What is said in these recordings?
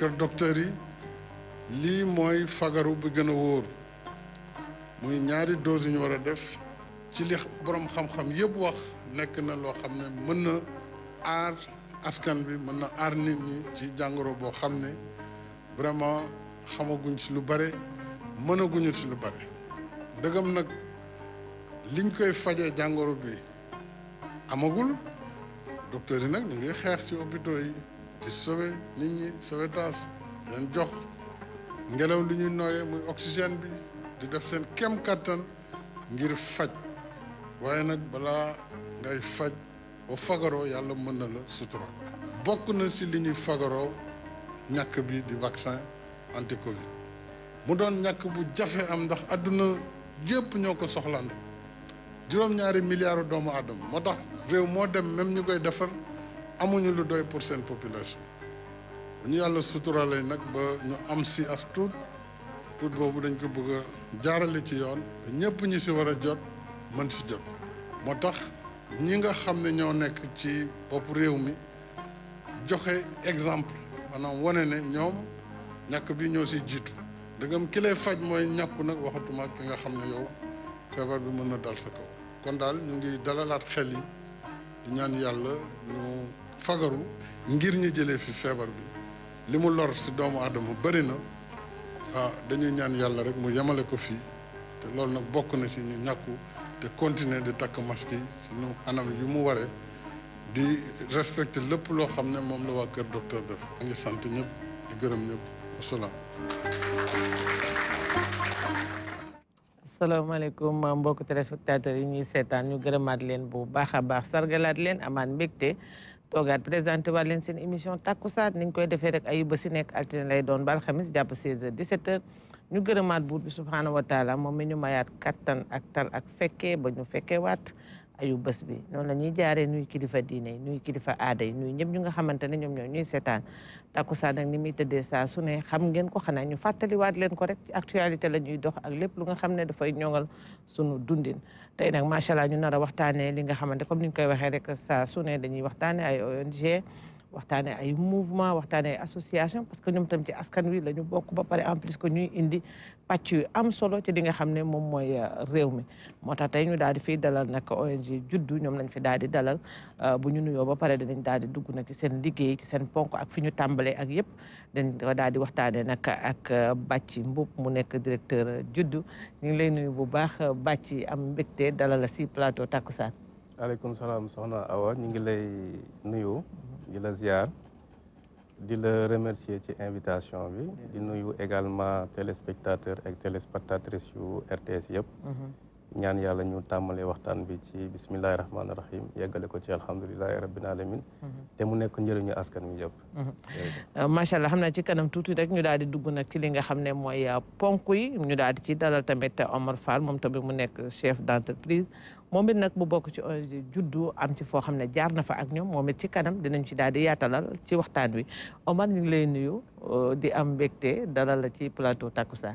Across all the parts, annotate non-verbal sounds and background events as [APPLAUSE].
kër yi lii mooy fagaru bi gën a wóor muy ñaari dose ñu war a def ci li boroom xam-xam yëpp wax nekk na loo xam ne mën na aar askan bi mën na aar nit ñi ci jàngoro boo xam ne vraiment xamaguñ ci lu bare mënaguñu ci lu bare dëggam nag liñ koy faje jàngoro bi amagul docteur yi nag ñu ngi xeex ci hôpitaux yi di sauver nit ñi sauver taas leen jox ngelaw li ñuy nooyee muy oxygène bi di def seen kem kattan ngir faj waaye nag balaa ngay faj ba fagaroo yàlla mën na la sutura bokk na ci li ñuy fagaroo ñàkk bi di vaccin anti mu doon ñàkk bu jafe am ndax àdduna yëpp ñoo ko soxlaandoo juróom-ñaari milliards doomu aadama moo tax réew moo dem même ñu koy defar amuñu lu doy pour seen population bu ñu yàlla suturalee nag ba ñu am si as tuut tuut boobu dañ ko bëgg a jaarale ci yoon ñëpp ñi si war a jot mën si jot moo tax ñi nga xam ne ñoo nekk ci bopp réew mi joxe exemple maanaam wane ne ñoom ñàkk bi ñoo si jiitu dëggam ki lay faj mooy ñàkk nag waxatuma ki nga xam ne yow feebar bi mën na dal sa kaw kon daal ñu ngi dalalaat xel yi di ñaan yàlla ñu fagaru ngir ñu jëlee fi feebar bi li mu lor si doomu aadama bëri na ah dañuy ñaan yàlla rek mu yemale ko fii te loolu nag bokk na si ñu ñàkku te continuer di takk masque yi suñu anam yu mu waree di respecter lépp loo xam ne moom la waa kër docteur def a ngi sant ñëpp di gërëm ñëpp wasalaam asalaamaaleykum mbokk téléspectateurs yi ñuy seetaan ñu gërëmaat leen bu baax a baax sargalaat leen amaat mbégte toogaat présenté waat leen seen émission takkusaan ni ñu koy defee rek ayu ba si nekk altine lay doon ba alxamis jàpp 16h 17h ñu gërëmaat buur bi subhaanahu wa taala moom mi ñu yaat kattan ak tal ak fekkee ba ñu fekkee waat ayu bés bi noonu la ñuy jaaree nuy kilifa diine nuy kilifa aada yi nuy ñëpp ñu nga xamante ne ñoom ñoo ñuy seetaan takkusaan ak ni muy tëddee saa su ne xam ngeen ko xanaa ñu fàttaliwaat leen ko rek ci actualité la ñuy dox ak lépp lu nga xam ne dafay ñoŋal sunu dundin tey nag macha allah ñu nar a waxtaanee li nga xamante comme ni ñu koy waxee rek saa su ne dañuy waxtaanee ay ONG. waxtaanee ay mouvement waxtaanee ay association parce que ñoom tam ci askan wi la ñu bokk ba pare en plus que ñuy indi pàcc yu am solo ci li nga xam ne moom mooy euh, réew mi moo tax tey ñu daal di fiy dalal nag ONG juddu ñoom lañ fi daal di dalal euh, bu ñu nuyoo ba pare danañ daal di dugg nag ci seen liggéey ci seen ponk ak fi ñu tàmbalee ak yëpp dañ ko daal di waxtaanee nag ak euh, Bathie Mboup mu nekk directeur juddu ñu ngi lay nuyu bu baax Bathie am mbégte dalal la si plateau Takusaan. waaleykum salaam soxna ñu ngi lay nuyu. Je la ziar remercier ci invitation bi di également téléspectateurs et téléspectatrices sur RTS ñaan yàlla ñu tàmmalee waxtaan bi ci bismillahi rahmaani rahim yeggale ko ci alhamdulilahi rabbil alamin mhm. te mu nekk njëriñu askan wi yëpp mhm. euh, macha allah xam naa ci kanam tuuti rek ñu daal di dugg nag ci li nga xam ne mooy euh, ponk yi ñu daal di ci dalal tamit Omar Fall moom tamit mu nekk chef d'entreprise moom it nag bu bokk ci ONG euh, juddu am ci foo xam ne jaar na fa ak ñoom moom it ci kanam dinañ ci daal di yaatalal ci waxtaan wi Omar ñu ngi lay nuyu di am mbégte dalal la ci plateau Takussan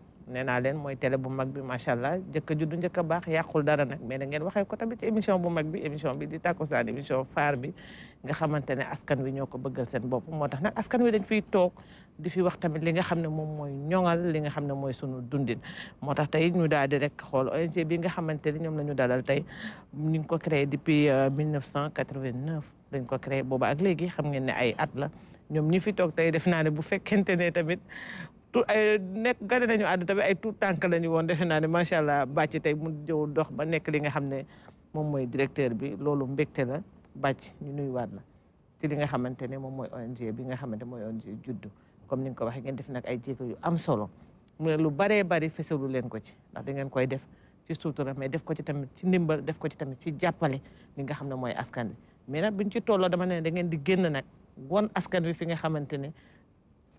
nee naa leen mooy télé bu mag bi macha allah jëkk a juddu njëkk a baax yàqul dara nag mais da ngeen waxee ko tamit émission bu mag bi émission bi di émission phare bi nga askan wi ñoo ko bëggal seen bopp askan wi dañ fiy toog di fi wax tamit li nga xam li nga sunu dundin moo tax ñu daal di rek xool ONG bi nga xamante ne ñoom la ñu dalal tey ñu ngi ko créé depuis 1989 euh, dañ ko créé booba ak léegi xam ngeen ne ay at la ñoom ñi fi toog tey def naa ne bu fekkente tamit tu ay eh, nekk gane nañu àdd tamit ay tout tànk lañu woon defe naa ne macha allah bàcc tey mu jëw dox ba nekk li nga xam ne moom directeur bi loolu mbégte la bàcc ñu nuyuwaat la ci li nga xamante ne moom mooy ONG bi nga xamante mooy ONG juddu comme ni nga ko waxee ngeen def nag ay jéego yu am solo mu lu baree bari fesalu leen ko ci ndax da ngeen koy def ci sutura mais def ko ci tamit ci ndimbal def ko ci tamit ci jàppale li nga xam ne mooy askan bi mais nag buñ ci tolloo dama ne da ngeen di génn nag won askan bi fi nga xamante ne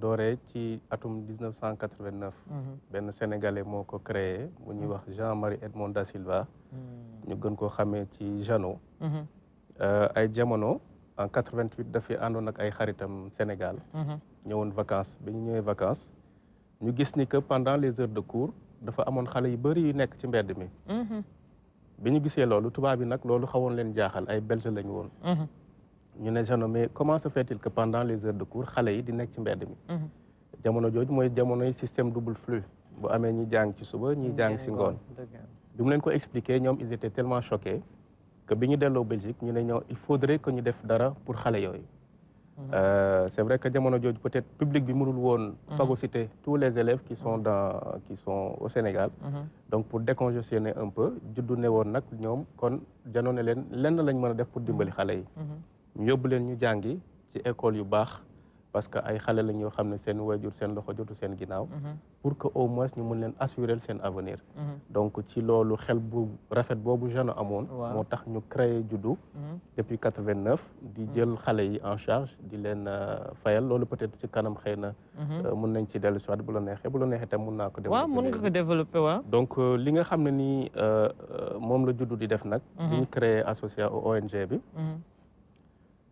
dooree ci atum 1989. Mhm. benn sénégalais moo ko créé bu ñuy mhm. wax Jean-Marie Edmond da Silva. Mhm. ñu gën koo xamee ci Jeannot. Euh, ay jamono en 88 dafay àndoon ak ay xaritam Sénégal. ñëwoon vacances bi ñu ñëwee vacances ñu gis ni que pendant les heures de cours dafa amoon xale yu bëri yu nekk ci mbedd mi. bi ñu gisee loolu tubaab yi nag loolu xawoon leen jaaxal ay belge lañu woon. ñu ne jeune mais comment se fait-il que pendant les heures de cours xalé yi di nekk ci mbedd mi. Mhm. jamono jooju moy jamono système double flux bu amé ñi jang ci suba ñi jang ci ngone dum leen ko expliquer ñom ils étaient tellement choqués que biñu ñu Belgique ñu né ñoo il faudrait que ñu def dara pour yoy mhm. euh c'est vrai que jamono jooju peut-être public bi mënul woon. Mhm. phagocyter tous les élèves qui sont dans qui sont au Sénégal. donc pour décongestionner un peu juddu né won nak ñom kon janoo ne leen lenn lañ mëna def pour dimbali xalé yi ñu yóbbu leen ñu jàngi ci école yu baax parce que ay xale la ñoo xam ne seen wajur seen loxo jotu seen ginnaaw. Mhm. pour que au moins ñu mën leen assurer seen avenir. Mhm. donc ci loolu xel bu rafet boobu jeune amoon. moo tax ñu créé juddu. Mhm. depuis 89 di jël xale yi en charge di leen euh, fayal loolu peut-être ci kanam xëy na. Euh, mun nañ ci dellu soit bu la neexee bu la neexee tam mun naa ko. développer waaw mun nga ko développer waaw. donc euh, li nga xam ne nii moom la juddu di def nag. bi ñu créé associé ONG bi.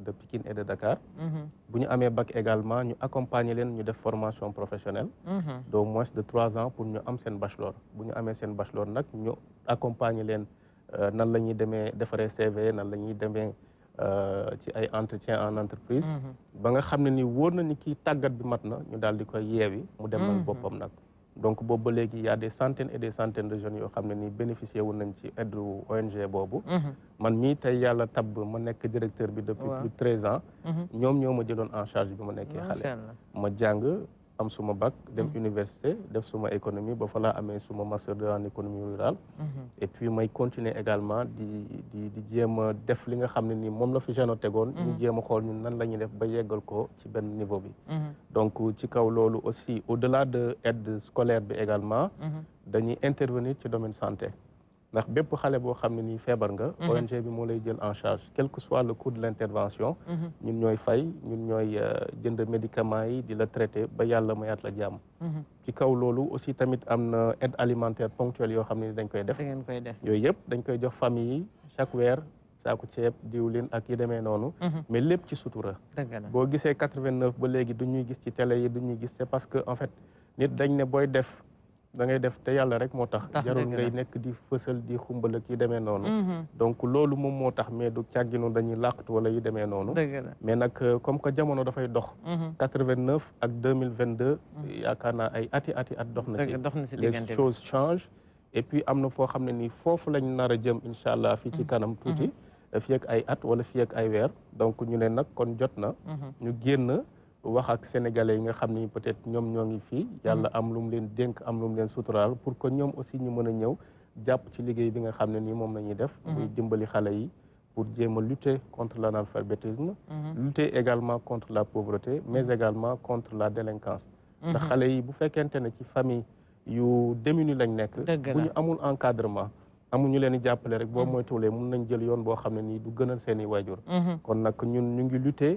de Pikine et de Dakar. Mm-hmm. bu ñu amee bac également ñu accompagner leen ñu def formation professionnel mm-hmm. d'au moins de trois ans pour ñu am seen bachelor bu ñu amee seen bachelor nag ñu accompagner leen euh, nan la ñuy demee defaree CV nan la ñuy demee euh, ci ay entretien en entreprise. Mm-hmm. ba nga xam ne ni wóor na ni kii tàggat bi mat na ñu daal di koy yeewi mu demal boppam nag. donc il y' a des centaines et des centaines de jeunes qui ont bénéficié de nañ ONG -hmm. je suis directeur depuis plus de 13 ans. Mhm. je suis en charge de ma je suma bac dem mm-hmm. université def suma économie ba fa master en économie rurale mm-hmm. et puis je continue également di di di jema def li nga ni mom la fi mm-hmm. ñu jema xol ñun nan lañu def ba niveau donc ci kaw aussi au delà de aide scolaire bi également dañuy intervenir ci domaine santé ndax bépp xale boo xam ne nii feebar nga mhm. ONG bi moo lay jël en charge quel que soit le coût de l'intervention mhm. ñun ñooy fay ñun ñooy euh, jënd médicaments yi di la traité ba yàlla mayaat la jàmm mhm. ci kaw loolu aussi tamit am na aide alimentaire ponctuelle yoo xam ne ni dañ koy def yooyu yëpp dañ koy jox famille yi chaque weer saaku ceeb diwlin ak yi demee noonu mais lépp ci sutura boo gisee quatre-vingt-neuf ba léegi du ñuy gis ci télé yi du ñuy gis c'est parce dangay def te yàlla rek moo tax jarul ngay nekk di fësal di xumbala ki demee noonu mm-hmm. donc loolu moom moo tax mais du càgginu dañuy làqatu wala yi demee noonu mais nag euh, comme que jamono dafay dox mm-hmm. quatre vingt neuf ak deux mille vingt deux mm-hmm. yaakaar naa ay ati ati at dox na ci les choses changent et puis am na foo xam ne nii foofu lañ nar a jëm incha allah fii ci kanam tuuti fii ak ay at wala fii ay weer donc ñu ne nag kon jot na ñu génn wax ak sénégalais yi nga xam ni peut-être ñoom ñoo ngi fii mm-hmm. yàlla am lu mu leen dénk am lu mu leen sutural pour que ñoom aussi ñu mën a ñëw jàpp ci liggéey bi nga xam ne nii moom la ñuy def mm-hmm. muy dimbali xale yi pour jéem a lutter contre l'analphabétisme mm-hmm. lutter également contre la pauvreté mais également contre la délinquance ndax xale yi bu fekkente ne ci famille yu démunis lañ nekk bu ñu amul encadrement amuñu leen di jàppale rek boo moytuwulee mun nañ jël yoon boo xam ne nii du gënal seen i waajur kon nag ñun ñu ngi lutter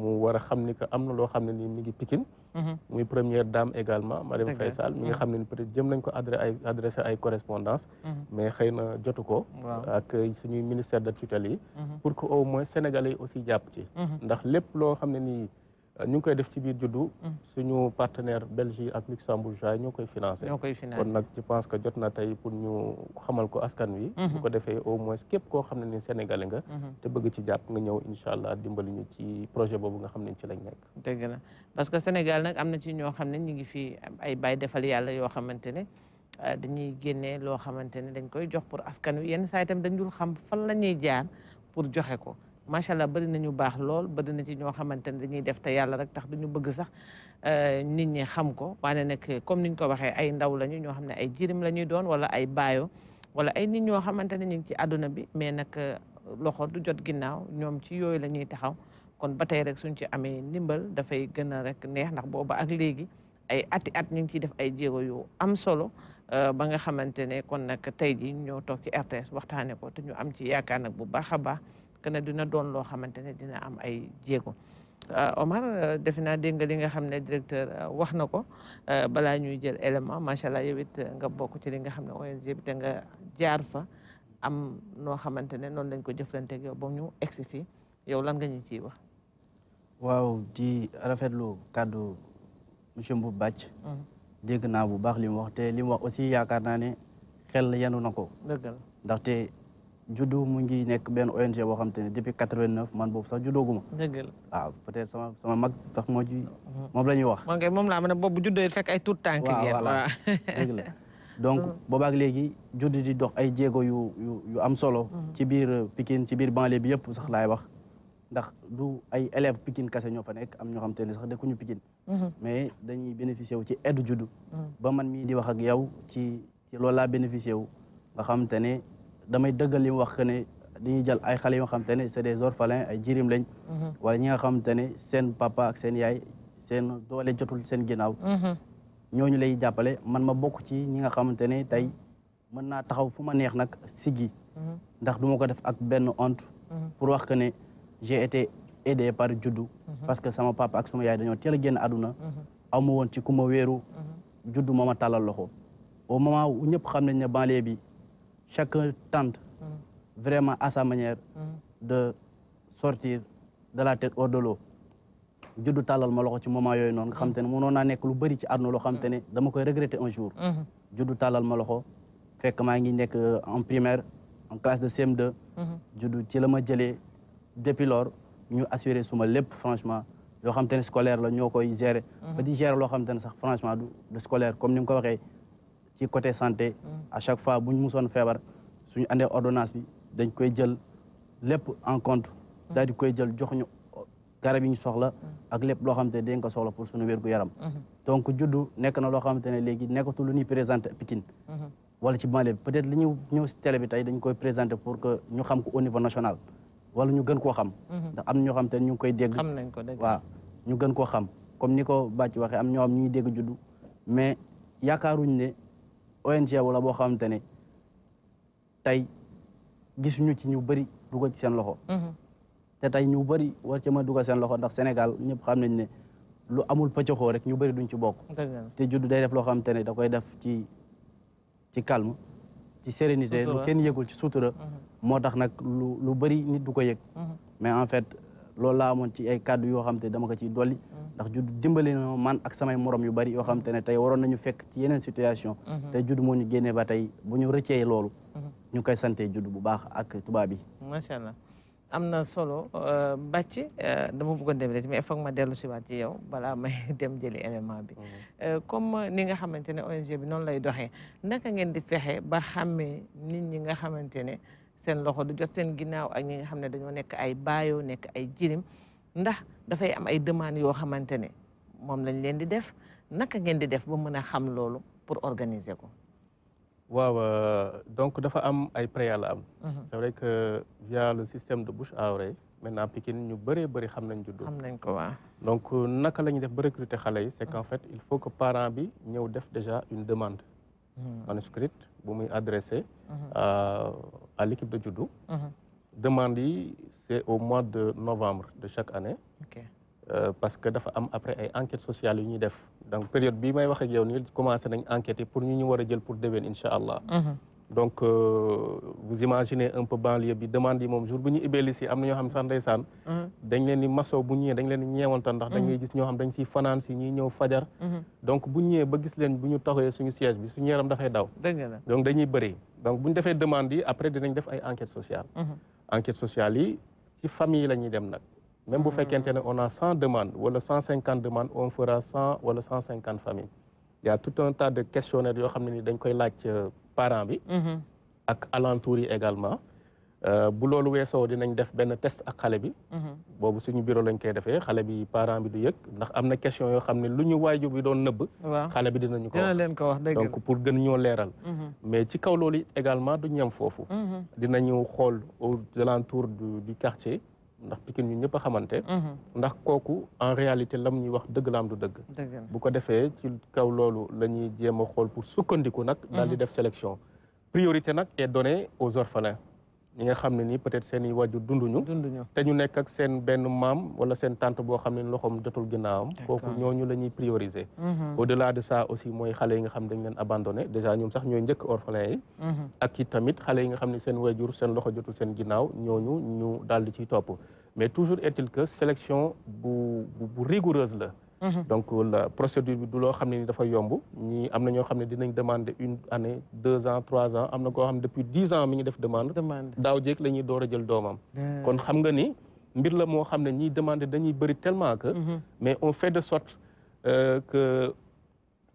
mu war a xam ni que am na loo xam ne nii mi ngi Pikine mhm. muy première dame également Marième Faye Sall mi nga mhm. xam ne ni jëm nañ ko adressé adressé ay correspondance mhm. mais xëy na jotu ko ak suñuy ministère de tutelle pour que au moins sénégalais yi aussi jàpp ci ndax lépp loo xam ne nii ñu ngi koy def ci biir juddu. Mm. suñu partenaire Belgique ak Luxembourg ñoo koy financé. ñoo koy financé kon nag que jot na tey pour ñu xamal ko askan wi. Mm-hmm. bu ko defee au moins képp koo xam ne ni Sénégalais nga. Mm-hmm. te bëgg ci jàpp nga ñëw incha allah dimbali ñu ci projet boobu nga xam ne ci lañ nekk. dëgg la parce que Sénégal nag am na ci ñoo xam ne ñu ngi fi ay bay defal yàlla yoo xamante ne euh, dañuy génnee loo xamante ne dañ koy jox pour askan wi yenn saa itam dañ dul xam fan la ñuy jaar pour joxe ko. macha allah bari nañu baax lool bari na ci ñoo xamante ne dañuy def te yàlla rek tax duñu bëgg sax euh, nit ñi xam ko waaye nag comme niñ ko waxee ay ndaw lañu ñoo xam ne ay jirim la ñuy doon wala ay baayo wala ay nit ñoo xamante ne ñu ngi ci àdduna bi mais nag euh, loxo du jot ginnaaw ñoom ci yooyu la taxaw kon ba tey rek suñ ci amee ndimbal dafay gën rek neex ndax booba ak léegi ay ati at ñu ngi ciy def ay jéego yu am solo euh, ba nga xamante ne kon nag tey ji ñoo toog ci RTS waxtaane ko te ñu am ci yaakaar nag bu baax a baax que ne doon loo xamante ne dina am ay jéego euh, Omar euh, defe naa dégg nga li nga xam ne directeur euh, wax na ko balaa ñuy jël élément macha allah yow nga bokk ci li nga xam ne ONG bi te nga jaar fa am noo xamante ne noonu lañ ko jëflanteeg yow ba ñu egsi fii yow lan nga ñu ciy wax. waaw di rafetlu kàddu monsieur Mboub Bàcc mhm. dégg naa bu baax li mu wax te li mu wax aussi yaakaar naa ne xel yanu na ko. juddu mu ngi nekk benn ONG boo xam te ne depuis quatre-vingt-neuf man boobu sax juddooguma. dëgg la waaw peut-être sama mag sax moom la ñuy wax. moom kay moom laa ma ne boobu juddoo fekk ay tuut tànk. waaw voilà dëgg la donc [LAUGHS] mm. boobaak juddu di dox ay jéego yu am solo. Mm. ci biir Pikine ci biir banlieue bi yëpp sax laay wax. ndax du ay élèves Pikine kase ñoo fa nekk am ñoo xam te ne sax dëkkuñu Pikine. Mm-hmm. mais dañuy bénéficier wu ci aide juddu. Mm. ba man mii di wax ak yow ci ci loolu laa bénéficier wu nga xam te damay dëggal li wax que ne dañuy jël ay xale yoo xam te ne c'est des orphelins ay jirim lañ mhm. wala ñi nga xam ne seen papa ak seen yaay seen doole jotul seen ginnaaw mhm. ñooñu lay jàppale man ma bokk ci ñi nga xamante ne tey mën naa taxaw fu ma neex nag siggi mhm. ndax du ma ko def ak benn honte pour wax que ne j'ai été aidé par juddu parce que sama papa ak sama yaay dañoo teel a génn àdduna aw woon ci ku ma wéeru juddu moo ma tàllal loxo au moment où ñëpp xam nañ ne banlieue bi chaque tente mm. vraiment à sa manière mm. de sortir de la tête hors de juddu tàllal ma loxo ci moment yooyu noonu nga xam ne ne mm. mënoon naa nekk lu bëri ci àdduna loo xam te ne dama koy regretter un jour juddu tàllal ma loxo fekk maa ngi nekk euh, en primaire en classe de CM2 mm-hmm. juddu ci la ma jëlee depuis lors ñu assuré suma lépp franchement yoo xam te ne scolaire la ñoo koy gérer mm-hmm. loo xam te ne sax franchement du scolaire comme ni nga ko waxee ci côté santé mm. à chaque fois buñ ñu fièvre suñu andé ordonnance bi dañ koy jël lépp en compte mm. dal di koy jël jox ñu garab yi ñu soxla mm. ak lépp lo xamante ne dañ ko soxla pour suñu wérgu yaram mm-hmm. donc juddu nek na lo xamante ne léegi nekkatul lu ñuy présenter Pikine mm-hmm. wala ci banlieue peut-être li ñu ñëw ci télé bi tay dañ koy présenter pour que ñu xam ko au niveau national wala ñu gën ko xam mm-hmm. ndax am na ñoo xamante ne ñu ngi koy dégg wa ñu gën ko xam comme niko ko bàcc waxee am ñoo xam ñu dégg juddu mais yaakaaruñ ne ONG wala boo xamante ne tey gisuñu ci ñu bëri dugal ci seen loxo. Mm-hmm. te tey ñu bëri war ci mën dugal seen loxo ndax Sénégal ñëpp xam nañ ne lu amul pëccëxoo rek ñu bëri duñ ci bokk. te juddu day def loo xamante ne da koy def ci ci calme. ci sérénité lu kenn yëgul ci sutura. Mm-hmm. moo tax nag lu lu bëri nit yëg. Mm-hmm. mais en fait loolu laa amoon ci ay kàddu yoo xam te dama ko ciy dolli mm-hmm. ndax judd dimbali na man ak samay morom yu bari yoo xam te ne tey waroon ñu fekk ci yeneen situation mm-hmm. te judd moo ñu ba tey bu ñu rëccee mm-hmm. ñu koy sante judd bu baax ak tubaab yi macha allah am na solo euh, bàcc euh, dama bëggoon dem mais foog ma dellu si waat ci yow balaa may [LAUGHS] dem jëli élément bi euh, comme ni nga xamante ne ONG bi noonu lay doxee naka ngeen di fexe ba xàmmee nit ñi nga xamante ne seen loxo du jot seen ginnaaw ak ñi nga xam ne dañoo nekk ay baayoo nekk ay jirim ndax dafay am ay demande yoo xamante ne moom lañ leen di def naka ngeen di def ba mën a xam loolu pour organiser ko. waaw euh, donc dafa am ay préalable. Mhm. c'est vrai que via système de bouche à oreille maintenant ñu bëree bëri xam nañ juddu. xam nañ ko waaw. donc euh, naka la ñuy def ba recruter xale yi c'est mhm. qu'en fait il faut que parent bi ñëw def déjà une demande mhm. manuscrite. vous m'avez adressé mhm. à l'équipe de judo mhm. demande c'est au mois de novembre de chaque année euh, parce que dafa am après une enquêtes sociales nous def donc période bi, may wax ak yow nii commencé nañ pour nous ñu pour devenir, Inch'Allah. Mhm donc euh, vous imaginez un peu banlieue bi demande yi moom jour bu ñu ibee li am na ñoo xam sax ndaysan mhm. dañ leen ni masoo bu ñëwee dañ leen di ndax da mhm. gis ño xam dañ ci fanaan ñi ñëw fajar mhm. donc bu ñëwee ba gis leen bu ñu suñu siège bi suñu yaram fay daw donc dañuy bëri donc bu défé demande yi après dinañ def ay enquête sociale enquête sociale yi ci famille lañuy dem nak même bu fekkente ne on a 100 demandes wala 150 cinquante demandes on fera 100 wala 150 familles familles y a tout un tas de questionnaires yo xamni dañ koy laaj euh, parents bi. Mm-hmm. ak alentour yi également. euh bu loolu weesoo dinañ def ben test ak xalé bi. Mm-hmm. bobu suñu bureau lañ koy défé xalé bi parents bi du yëg ndax amna question yo xamné luñu lu bi doon neub xalé bi dinañu ko wax dina ko wax dëgg donc pour gën ñoo léral mm-hmm. mais ci kaw lolou également du ñam foofu. dinañu xool aux alentours du du quartier. ndax Pikine ñun ñëpp xamante. Mhm. ndax kooku en réalité lam ñuy wax dëgg la am du dëgg. bu ko defee ci kaw loolu la ñuy jéem a xool pour sukkandiku nag. Mhm. daal di def sélection priorité nag et donnée aux orphelins. ñi nga xam ne ni peut-être seen i wàjju dunduñu dunduñu te ñu nekk ak seen benn maam wala seen tante boo xam ne loxoom jotul ginnaawam kooku ñooñu la ñuy prioriser mhm. au la de ça aussi mooy xale yi nga xam ne dañ leen abandonné déjà ñoom sax ñooy njëkk orphelin yi mhm. ak i tamit xale yi nga xam ne seen wàjjur seen loxo jotul seen ginnaaw ñoo ñu daal di ciy topp mais toujours est-il que sélection bu bu rigoureuse la Mhm. donc euh, la procédure bi du loo xam ne ni dafa yomb ñi am na ñoo xam ne dinañ demander une année deux ans trois ans am na koo xam depuis dix ans mi ngi def demande daaw jéeg la door a jël doomam kon xam nga ni mbir la moo xam ne ñiy demander dañuy bëri tellement que mhm. mais on fait de sorte euh, que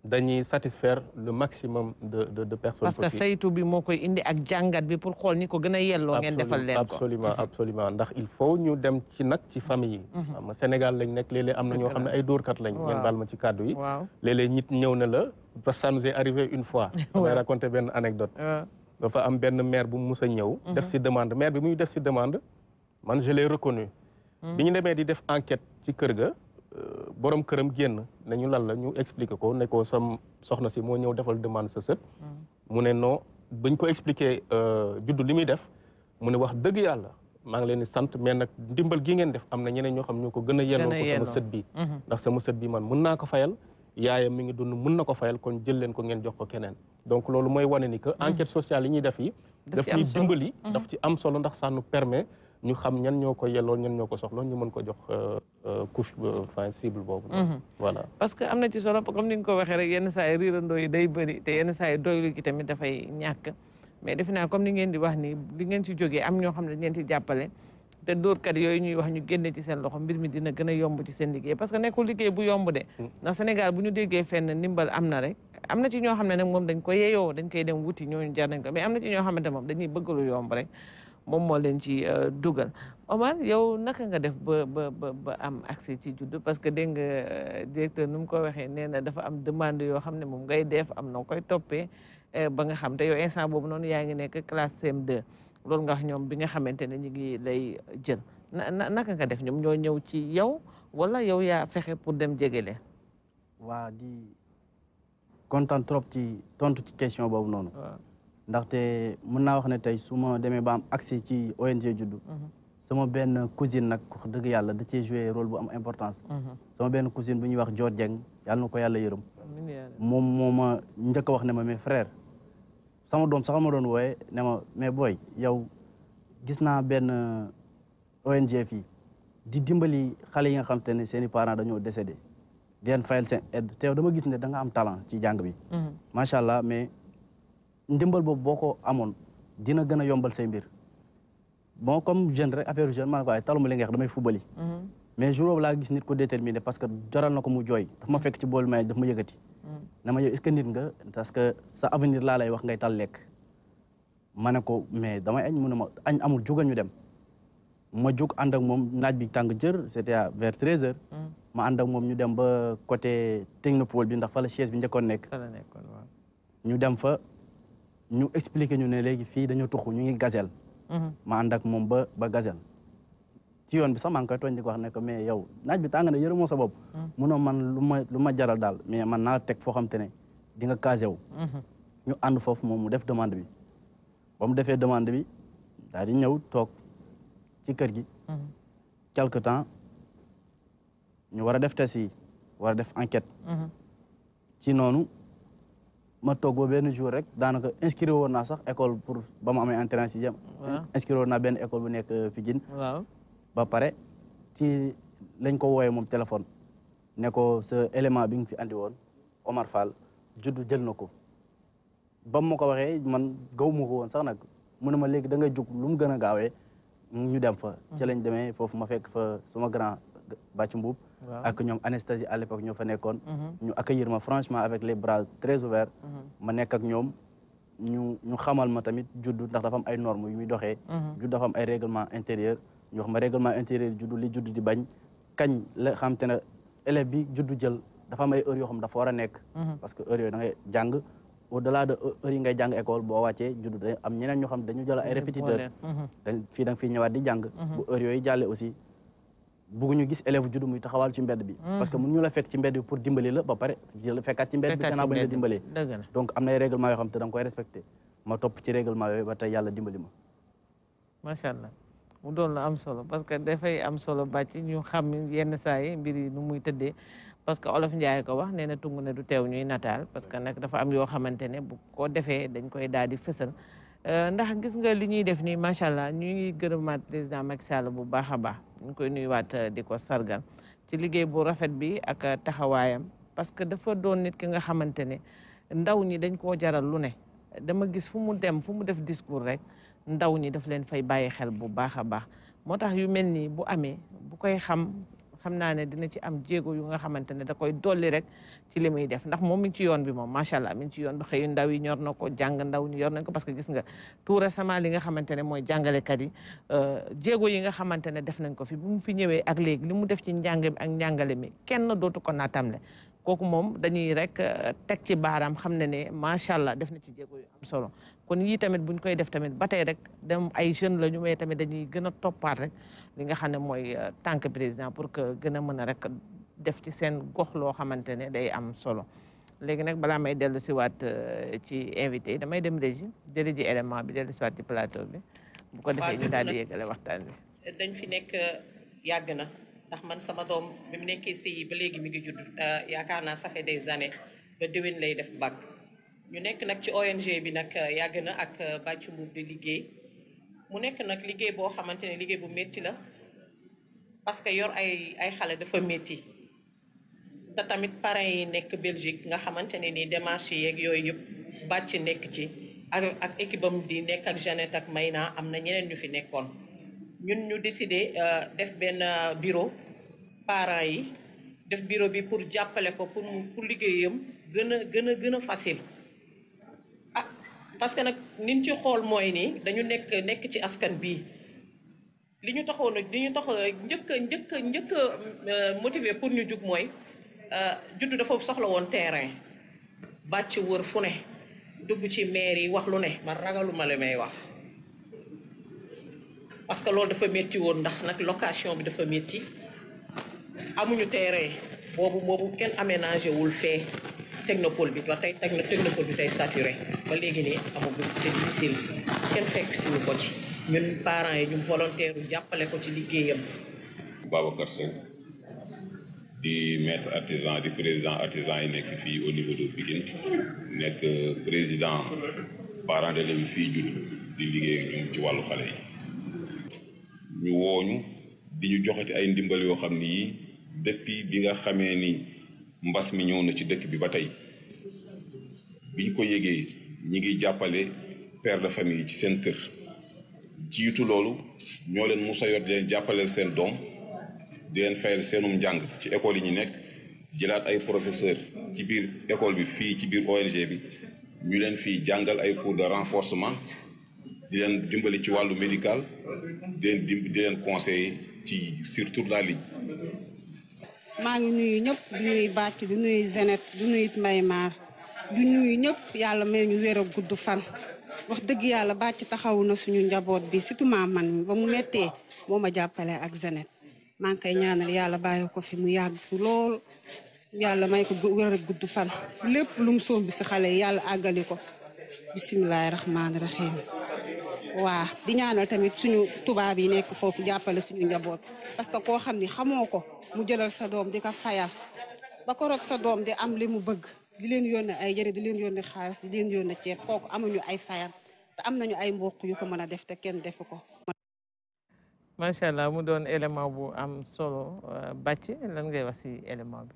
dañuy satisfaire le maximum de de de personnes. parce que saytu bi moo koy indi ak jangat bi pour xol ni ko gëna yello yelloo. ngeen defal leen ko absolument mhm. absolument ndax il faut ñu dem ci nak ci famille yi. Mhm. Sénégal lañ nek lélé léeg am na ñoo xamné ay ay kat lañ. ñen bal ma ci cadeau yi. lélé nit ñëw na la parce que arrivé une fois. On [LAUGHS] damay raconter ben anecdote euh. dafa am ben maire bu mus a ñëw. Mhm. def ci demande maire bi muy def ci demande man je l'ai reconnu. bi ñu demee di def enquête ci kër ga. borom këram génn nañu lan la ñu expliqué ko ne ko sam soxna si moo ñëw defal demande sa sët mm. mu ne non buñ ko expliqué euh, juddu li muy def mu ne wax dëgg yàlla maa ngi leen di sant mais nag ndimbal gi ngeen def am na ñeneen ñoo xam ñoo ko gën a yelloo ko sama sët bi mm-hmm. ndax sama sët bi man mën naa ko fayal yaayam mi ngi dund mën na ko fayal kon jël leen ko ngeen jox ko keneen donc loolu mooy wane ni que mm-hmm. enquête sociale yi ñuy def yi daf ñuy mm-hmm. ci am solo ndax ça ñu xam ñan ñoo ko yelloo ñan ñoo ko soxla ñu mën ko jox euh, euh, couche euh, enfin cible boobu. Mhm. voilà parce que am na ci solo comme ko waxee rek yenn saa yi riirandoo yi day yenn saa yi tamit dafay ñàkk mais defe naa comme ni ngeen di wax ni li ngeen ci jógee am ñoo xam ne ngeen ci jàppale te dóorkat yooyu ñuy wax ñu génne ci seen loxo mbir mi dina gën a yomb ci seen liggéey parce que nekkul liggéey bu yomb de. Mm. ndax Sénégal ñu déggee fenn ndimbal am na rek am na ci ñoo xam ne nag moom dañ ko yeyoo dañ koy dem wuti ñooñu jar nañ ko mais am na ci ñoo xamante moom dañuy bëgg lu yomb rek moom moo leen ci euh, dugal Omar yow naka nga def ba ba ba am accès ci juddu parce que dégg nga euh, directeur nu mu ko waxee nee na dafa am demande yoo xam ne moom ngay def am noo koy toppee euh, ba nga xam te yow instant boobu noonu yaa ngi nekk classe CM2 loolu nga ñoom bi nga xamante ne ñu ngi lay jël naka nga def ñoom ñoo ñëw ci yow wala yow yaa fexe pour dem jege leen. waa di kontaan trop ci tontu ci question boobu noonu. ndaxte mën naa wax ne tey su ma demee ba am accès ci ONG juddu mhm. sama benn cousine nag dëgg yàlla da cee joué role bu am importance mhm. sama benn cousine bu ñuy wax Dior Dieng yàlla na ko yàlla yërëm moom moo ma njëkk a wax ne ma mais frère sama doom sax ma doon wooye ne ma mais booy yow gis naa benn ONG fii di dimbali xale yi nga xam te ne seen i parents dañoo décédé di leen fayal dama gis ne da nga am talent ci jàng bi mhm. macha allah ndimbal boobu boo ko amoon dina gën a yombal say mbir bon comme jeune rek affaire jeune maanaam waaye taluma li nga wax damay fubali. Mhm. mais jour boobu laa gis nit ko déterminé parce que jaral na ma fekk ci bool ma yëkkati. Mhm. na ma yow est-ce que nit nga parce que sa avenir laa lay wax ngay tal lekk. ma ne ko mais damay añ mu ne ma añ amul jugal ñu dem ma jug ànd moom naaj bi tàng jër c'était à vers treize heures. Mhm. ma ànd moom ñu dem ba côté technopole bi ndax fa la chaise bi njëkkoon nekk. ñu dem fa. ñu expliqué ñu ne léegi fii dañoo tuxu ñu ngi gazel. Mhm. ma ànd ak moom ba ba gazel. ci yoon bi sax maa ngi koy tooñ di ko wax ne ko mais yow naaj bi tàng na yërëmoo sa bopp. Mhm. munoo man lu ma lu ma jaral daal mais man naa teg foo xam te ne di nga casé wu. Mhm. ñu ànd foofu moom mu def demande bi ba mu defee demande bi daal di ñëw toog ci kër gi. quelque temps ñu war a def test yi def enquête. ci noonu. ma toog ba benn jour rek daanaka inscrire woon naa sax école pour ba ma amee entrée en sixième. waaw benn école bu nekk euh, Pikine. waaw ba pare ci lañ ko wooyee moom téléphone. ne ko sa élément bi nga fi andi woon Omar Fall juddu jël na ko ba ma ko waxee man gaw ma ko woon sax nag mu ne ma léegi da nga jug lu mu gën a gaawee ñu dem fa. Hmm. ci lañ demee foofu ma fekk fa suma grand bàcc mbuub ak ñoom anesthésie à l'époque ñoo fa nekkoon. Mhm. ñu accueillir ma franchement avec les bras très ouverts. Mhm. ma nekk ñoom ñu xamal ma tamit juddu ndax dafa am ay normes yu muy doxee. Mhm. juddu dafa am ay règlement intérieur ñu wax ma règlement intérieur juddu li juddu di bañ xam te ne bi juddu jël dafa am ay heures yoo xam dafa a nekk. parce que heures yooyu da ngay jàng. au delà de heure yi ngay jàng école boo a juddu da am ñeneen ñoo xam dañu jël ay répétiteurs. dañ fii da nga di jàng. bu heure yooyu jàllee aussi. bëgguñu gis élève juddu muy taxawaal ci mbedd bi hmm. parce que mënuñu la fekk ci mbedd bi pour dimbali la ba pare la fekkaat ci mbedd bi gannaaw bañ la dimbalee donc am na ay règlement xam te nga koy respecté ma topp ci règlement yooyu am solo parce que dafay am solo bàcc ñu xam yenn saa mbir yi muy tëddee parce que olof Njaay ko wax nee na tungu ne du teew ñuy nataal parce que nag dafa am yoo xamante ne bu ko defee dañ koy daal di fësal Euh, ndax gis nga li ñuy def nii macha allah ñu ngi gërëmaat président Macky Sall bu baax a baax ñu koy nuyuwaat euh, di ko sargal ci liggéey bu rafet bi ak euh, taxawaayam parce que dafa doon nit ki nga xamante ne ndaw ñi dañ koo jaral lu ne dama gis fu mu dem fu mu def discours rek ndaw ñi daf leen fay bàyyi xel bu baax a baax moo tax yu mel nii bu amee bu koy xam xam naa ne dina ci am jéego yu nga xamante ne da koy dolli rek ci li muy def ndax moom mi ci yoon bi moom macha allah mi ci yoon bi xëyu ndaw yi ñor na ko jàng ndaw ñu yor nañ ko parce que gis nga tout récemment li nga xamante ne mooy jàngalekat yi euh, jéego yi nga xamante ne def nañ ko fi bi mu fi ñëwee ak léegi li mu def ci njàng ak njàngale mi kenn dootu ko naatamle kooku moom dañuy rek euh, teg ci baaraam xam ne ne macha allah def na ci jéego yu am solo kon yii tamit bu ñu koy def tamit ba tey rek dem ay jeunes la ñu may tamit dañuy gën a toppaat rek li nga xam ne mooy que euh, président pour que gën a mën a rek def ci seen gox loo xamante ne day am solo léegi nag balaa may dellu siwaat euh, ci invité yi damay dem régi jëli ji élément bi dellu siwaat ci plateau bi bu ko defee ñu daal di yéegale waxtaan bi dañ fi nekk euh, yàgg na ndax man sama doom bi mu nekkee sëy ba léegi mi ngi judd yaakaar naa ça fait des années ba déwén def bac ñu nekk nag ci ONG bi nag euh, yàgg na ak euh, bàcc mbuub di liggéey mu nekk nag liggéey boo xamante ne liggéey bu métti la parce que yor ay ay xale dafa métti te tamit parents yi nekk Belgique nga xamante ne nii démarches yeeg yooyu yëpp bàcc nekk ci ak ak équipe am di nekk ak Jeannette ak may Mayna am na ñeneen ñu fi nekkoon ñun ñu décider euh, def benn bureau parents yi def bureau bi pour jàppale ko pour pour liggéeyam gën a gën a gën a facile parce que nag ni ñu ci xool mooy nii dañu nekk nekk ci askan bii li ñu taxoon li ñu tax njëkk njëkk njëkk a euh, pour ñu jug mooy euh, judd dafa soxla woon terrain bàcc wër fu ne dugg ci maire yi wax lu ne man ragaluma la may wax parce que loolu dafa métti woon ndax nag location bi dafa métti amuñu terrain boobu boobu kenn aménagé wul fee technopole bi ba tey technopole bi tay saturé ba légui nii amagul c'est difficile kenn fekk suñu ko ci ñun parents yi ñu volontaire jàppale ko ci liggéeyam. Babacar sen di maître artisan di président artisan yi nekk fii au niveau de Pikine nekk président parents d'élèves fii jull di liggéey ak ñun ci wàllu xale yi. ñu wooñu di ñu joxati ay ndimbal yoo xam ni depuis bi nga xamee ni mbas mi ñëw na ci dëkk bi ba tey biñ ko yégee ñi ngi jàppale père de famille ci seen kër jiitu loolu ñoo leen musa yor di leen jàppaleel seen doom di leen fayal seenum njàng ci école yi ñu nekk jëlaat ay professeur ci biir école bi fii ci biir ONG bi ñu leen fii jàngal ay cours de renforcement di leen dimbali ci wàllu médical di leen di leen conseiller ci surtout la ligne maa ngi nuyu ñëpp du nuyu bàcc du nuyu zenet du nuyu may maar du ñuy ñëpp yàlla may ñu wér gudd fan wax dëgg yàlla bàcc taxawu na suñu njaboot bi surtout ma man mi ba mu mettee moo ma jàppale ak zenet maa ngi koy ñaanal yàlla bàyyi ko fi mu yàgg fi lool yàlla may ko wér gudd fan lépp lum sombi soom bi si xale yàlla àggali ko bisimilahi rahmaani rahim waa di ñaano tamit suñu tubaab yi nekk foofu jàppale suñu njaboot parce que koo xam ni xamoo ko mu jëlal sa doom di ko fayal ba koroog sa doom di am li mu bëgg di leen yónnee ay jëre di leen yónnee xaalis di leen yónnee ceeb kooku amuñu ay fayal te am nañu ay mbokk yu ko mën a def te kenn defu ko. macha allah mu doon élément bu am solo bàcc lan ngay wax ci élément bi.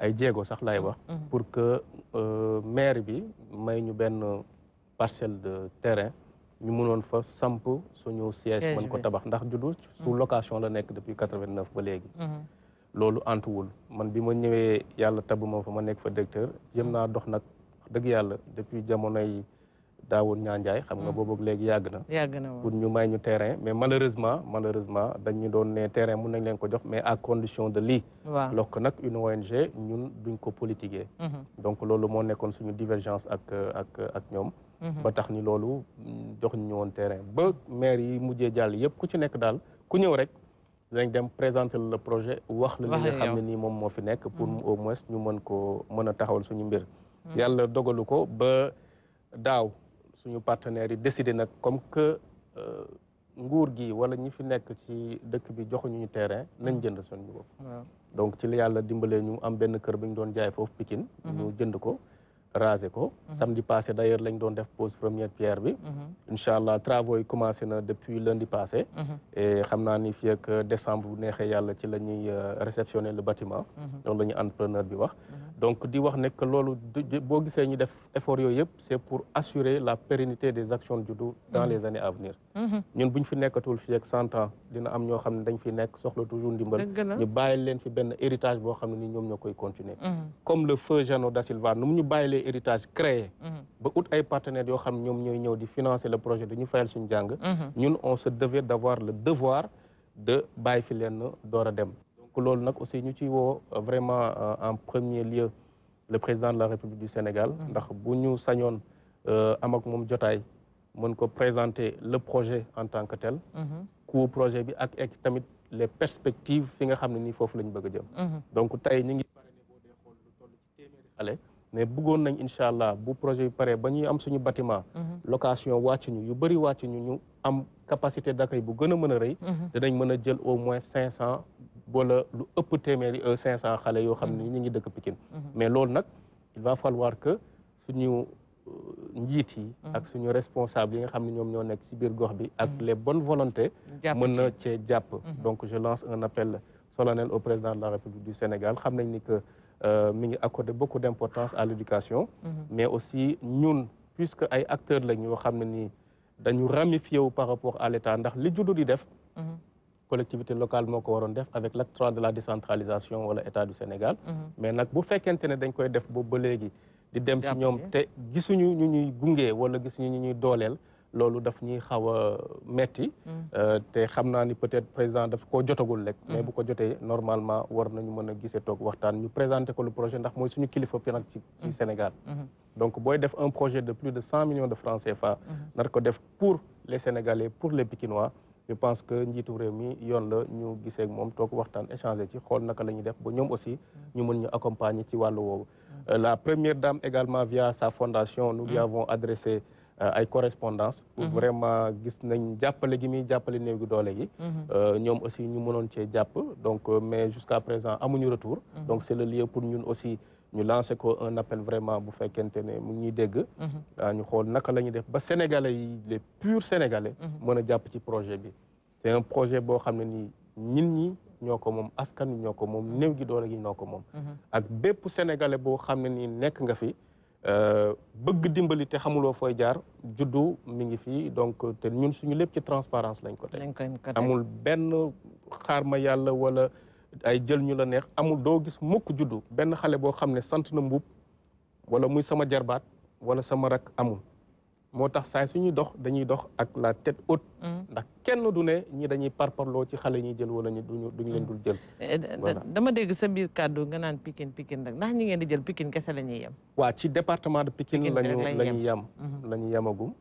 ay jéego sax lay wax. Mhm. Mhm. pour que euh, maire bi may ñu benn parcelle de terrain ñu mënoon fa samp suñu siège mën ko tabax ndax juddu sous mhm. location la nekk depuis quatre-vingt-neuf ba léegi. loolu antuwul man bi ma ñëwee yàlla tabu ma fa ma nekk fa directeur jëm naa dox nag dëgg yàlla depuis jamonoy. daawoon ñaa njaay xam nga mm. boobu léegi yàgg na yàgg na pour ñu may ñu terrain mais malheureusement malheureusement dañu doon ne terrain mun nañ leen ko jox mais à condition de lii waaw alors que nag une ONG ñun duñ ko politiquer mm-hmm. donc loolu moo nekkoon suñu divergence ak ak ñoom mm-hmm. ba tax ni loolu jox ñu woon terrain ba maire yi mujjee jàll yëpp ku ci nekk daal ku ñëw rek dinañ dem présenter la projet wax la li nga xam ne nii moom moo fi nekk pour mm-hmm. au moins ñu mën ko mën a taxawal suñu mbir yàlla dogalu ko ba daaw suñu partenaires yi décidé nag comme que euh, nguur gi wala ñi fi nekk ci dëkk bi joxuñu ñu terrain nañ mm. jënd suñu bopp. donc ci la yàlla dimbalee ñu am benn kër bu ñu doon jaay foofu Pikine. Mm-hmm. ñu jënd ko raser ko. Mm-hmm. samedi passé d' ailleurs lañ doon def pose première pierre bi. Mm-hmm. incha allah travaux yi commencé na depuis lundi passé. et xam naa ni fii décembre bu neexee yàlla ci la ñuy euh, réceptionner le batiment loolu entrepreneur bi wax. donc di wax nek que loolu boo gisee ñu def effort yooyu yëpp c'est pour assurer la pérennité des actions du dou dans mhm. les années à venir mhm. ñun buñ fi nekatul fi ak 100 ans dina am ño xamni dañ fi nek soxla toujours ndimbal ñu bàyyi leen fi ben héritage bo xamni ñom ni koy continuer mhm. comme le feu Jeannot da Silva nu mu ñu bàyyilee héritage créé ba out ay partenaires yo xamni ñom ñoy ñooy di financer le projet ñu fayal suñu jang ñun on se devait d'avoir le devoir de bàyyi fi leen dem nous avons aussi euh, vraiment euh, en premier lieu le président de la République du Sénégal mm-hmm. Nous euh, avons le projet en tant que tel Le mm-hmm. projet les perspectives mm-hmm. donc mais bëggoon nañ incha allah bu projet bi paree ba ñuy am suñu bâtiment mhm. location wàcc yu bëri wàcc ñu am capacité d'accueil bu gën a mën a rëy mhm. dinañ mën a jël au moins cinq cent wala lu ëpp téeméeri euh, cinq cent xale yoo xam ni mhm. ñu ngi dëkk Pikine mais loolu nag il va falloir que suñu euh, njiit yi ak suñu responsable yi nga xam ne ñoom ñoo nekk ci biir gox bi ak les bonnes volontés mën na cee jàpp donc je lance un appel solennel au président de la République du Sénégal xam nañ ni que euh, mi ngi accordé beaucoup d'importance à l'éducation, mhm. mais aussi ñun puisque ay acteurs la nous xam nous nii dañu par rapport à l'État, état ndax li juddu di def mhm. collectivité locale moko waron def avec l'acte 3 de la décentralisation wala l'État du Sénégal mhm. mais nak bu fekkente ne dañ koy def bo ba légui di dem ci ñom te gisunu ñu ñuy gungé wala gisuñu ñu ñuy dolel loolu daf ñuy xaw a metti mm. euh, te xam naa ni peut-être président daf ko jotagul rek mm. mais bu ko jotee normalement war nañu mën a gisee toog waxtaan ñu présenter ko le projet ndax mooy suñu kilifa fi nag ci ci mm. Sénégal mm-hmm. donc booy def un projet de plus de 100 millions de francs CFA mm-hmm. nar ko def pour les Sénégalais pour les Pikinois je pense que njiitu réew mi yoon la ñu gisee ak moom toog waxtaan échanger ci xool naka la ñuy def ba ñoom aussi ñu mën ñu accompagner ci wàllu woowu euh, la première dame également via sa fondation nous lui avons adressé euh, ay correspondance pour mhm. vraiment gis nañ jappalé gi muy jàppale néew gi doole gi mhm. euh, ñoom aussi ñu mënon ci japp donc euh, mais jusqu'à présent amuñu retour mhm. donc c'est le lieu pour ñun aussi ñu lancer ko un appel vraiment bu fekkente ne mu ñi dégg ñu xol naka lañu def ba sénégalais les purs sénégalais mëna japp ci projet bi c'est un projet bo xamné ni ñin ñi ñoko mom moom askan wi ñoo ko gi doole gi ñoo ko ak bép sénégalais bo xamné ne nekk nga fi Euh, bëgg dimbali te xamuloo fooy jaar juddu mu ngi fii donc te ñun suñu lépp ci transparence lañ ko teg amul benn xaar ma yàlla wala ay jël ñu la neex amul doo gis mukk juddu benn xale boo xam ne sant na mbubb wala muy sama jarbaat wala sama rak amul moo tax saay suñuy dox dañuy dox ak la tête haute. Mm. ndax kenn du ne ñi dañuy parparloo ci xale ñuy jël wala ñu duñu duñu leen dul jël. Mm. Eh, dama dégg sa biir kàddu nga naan Pikine Pikine rek ndax ñu ngeen di jël Pikine kese la ñuy yem. waa ci département de Pikine lañu la ñuy yem mm-hmm. la ñu yemagum.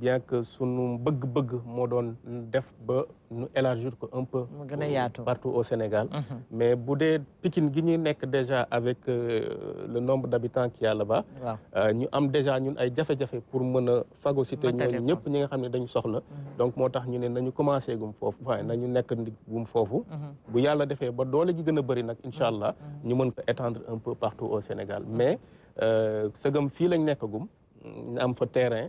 bien que sunu bëgg-bëgg moo doon def ba nu élargir ko un peu. mu gën partout au Sénégal. Mm-hmm. mais bu dee Pikine gi ñuy nekk déjà avec euh, le nombre d'habitants qu'il yàlla ba là ñu am déjà ñun ay jafe-jafe pour mën a phagocyter ñooñu ñëpp ñi nga xam ne dañu soxla. Mm-hmm. donc moo tax ñu ne nañu commencé gum foofu waaye mm-hmm. nañu nekk ndig gum foofu. bu yàlla defee ba doole ji gën a bëri nag incha allah ñu mën ko étendre un peu partout au Sénégal mais euh, sëgam fii lañ nekkagum am fa terrain.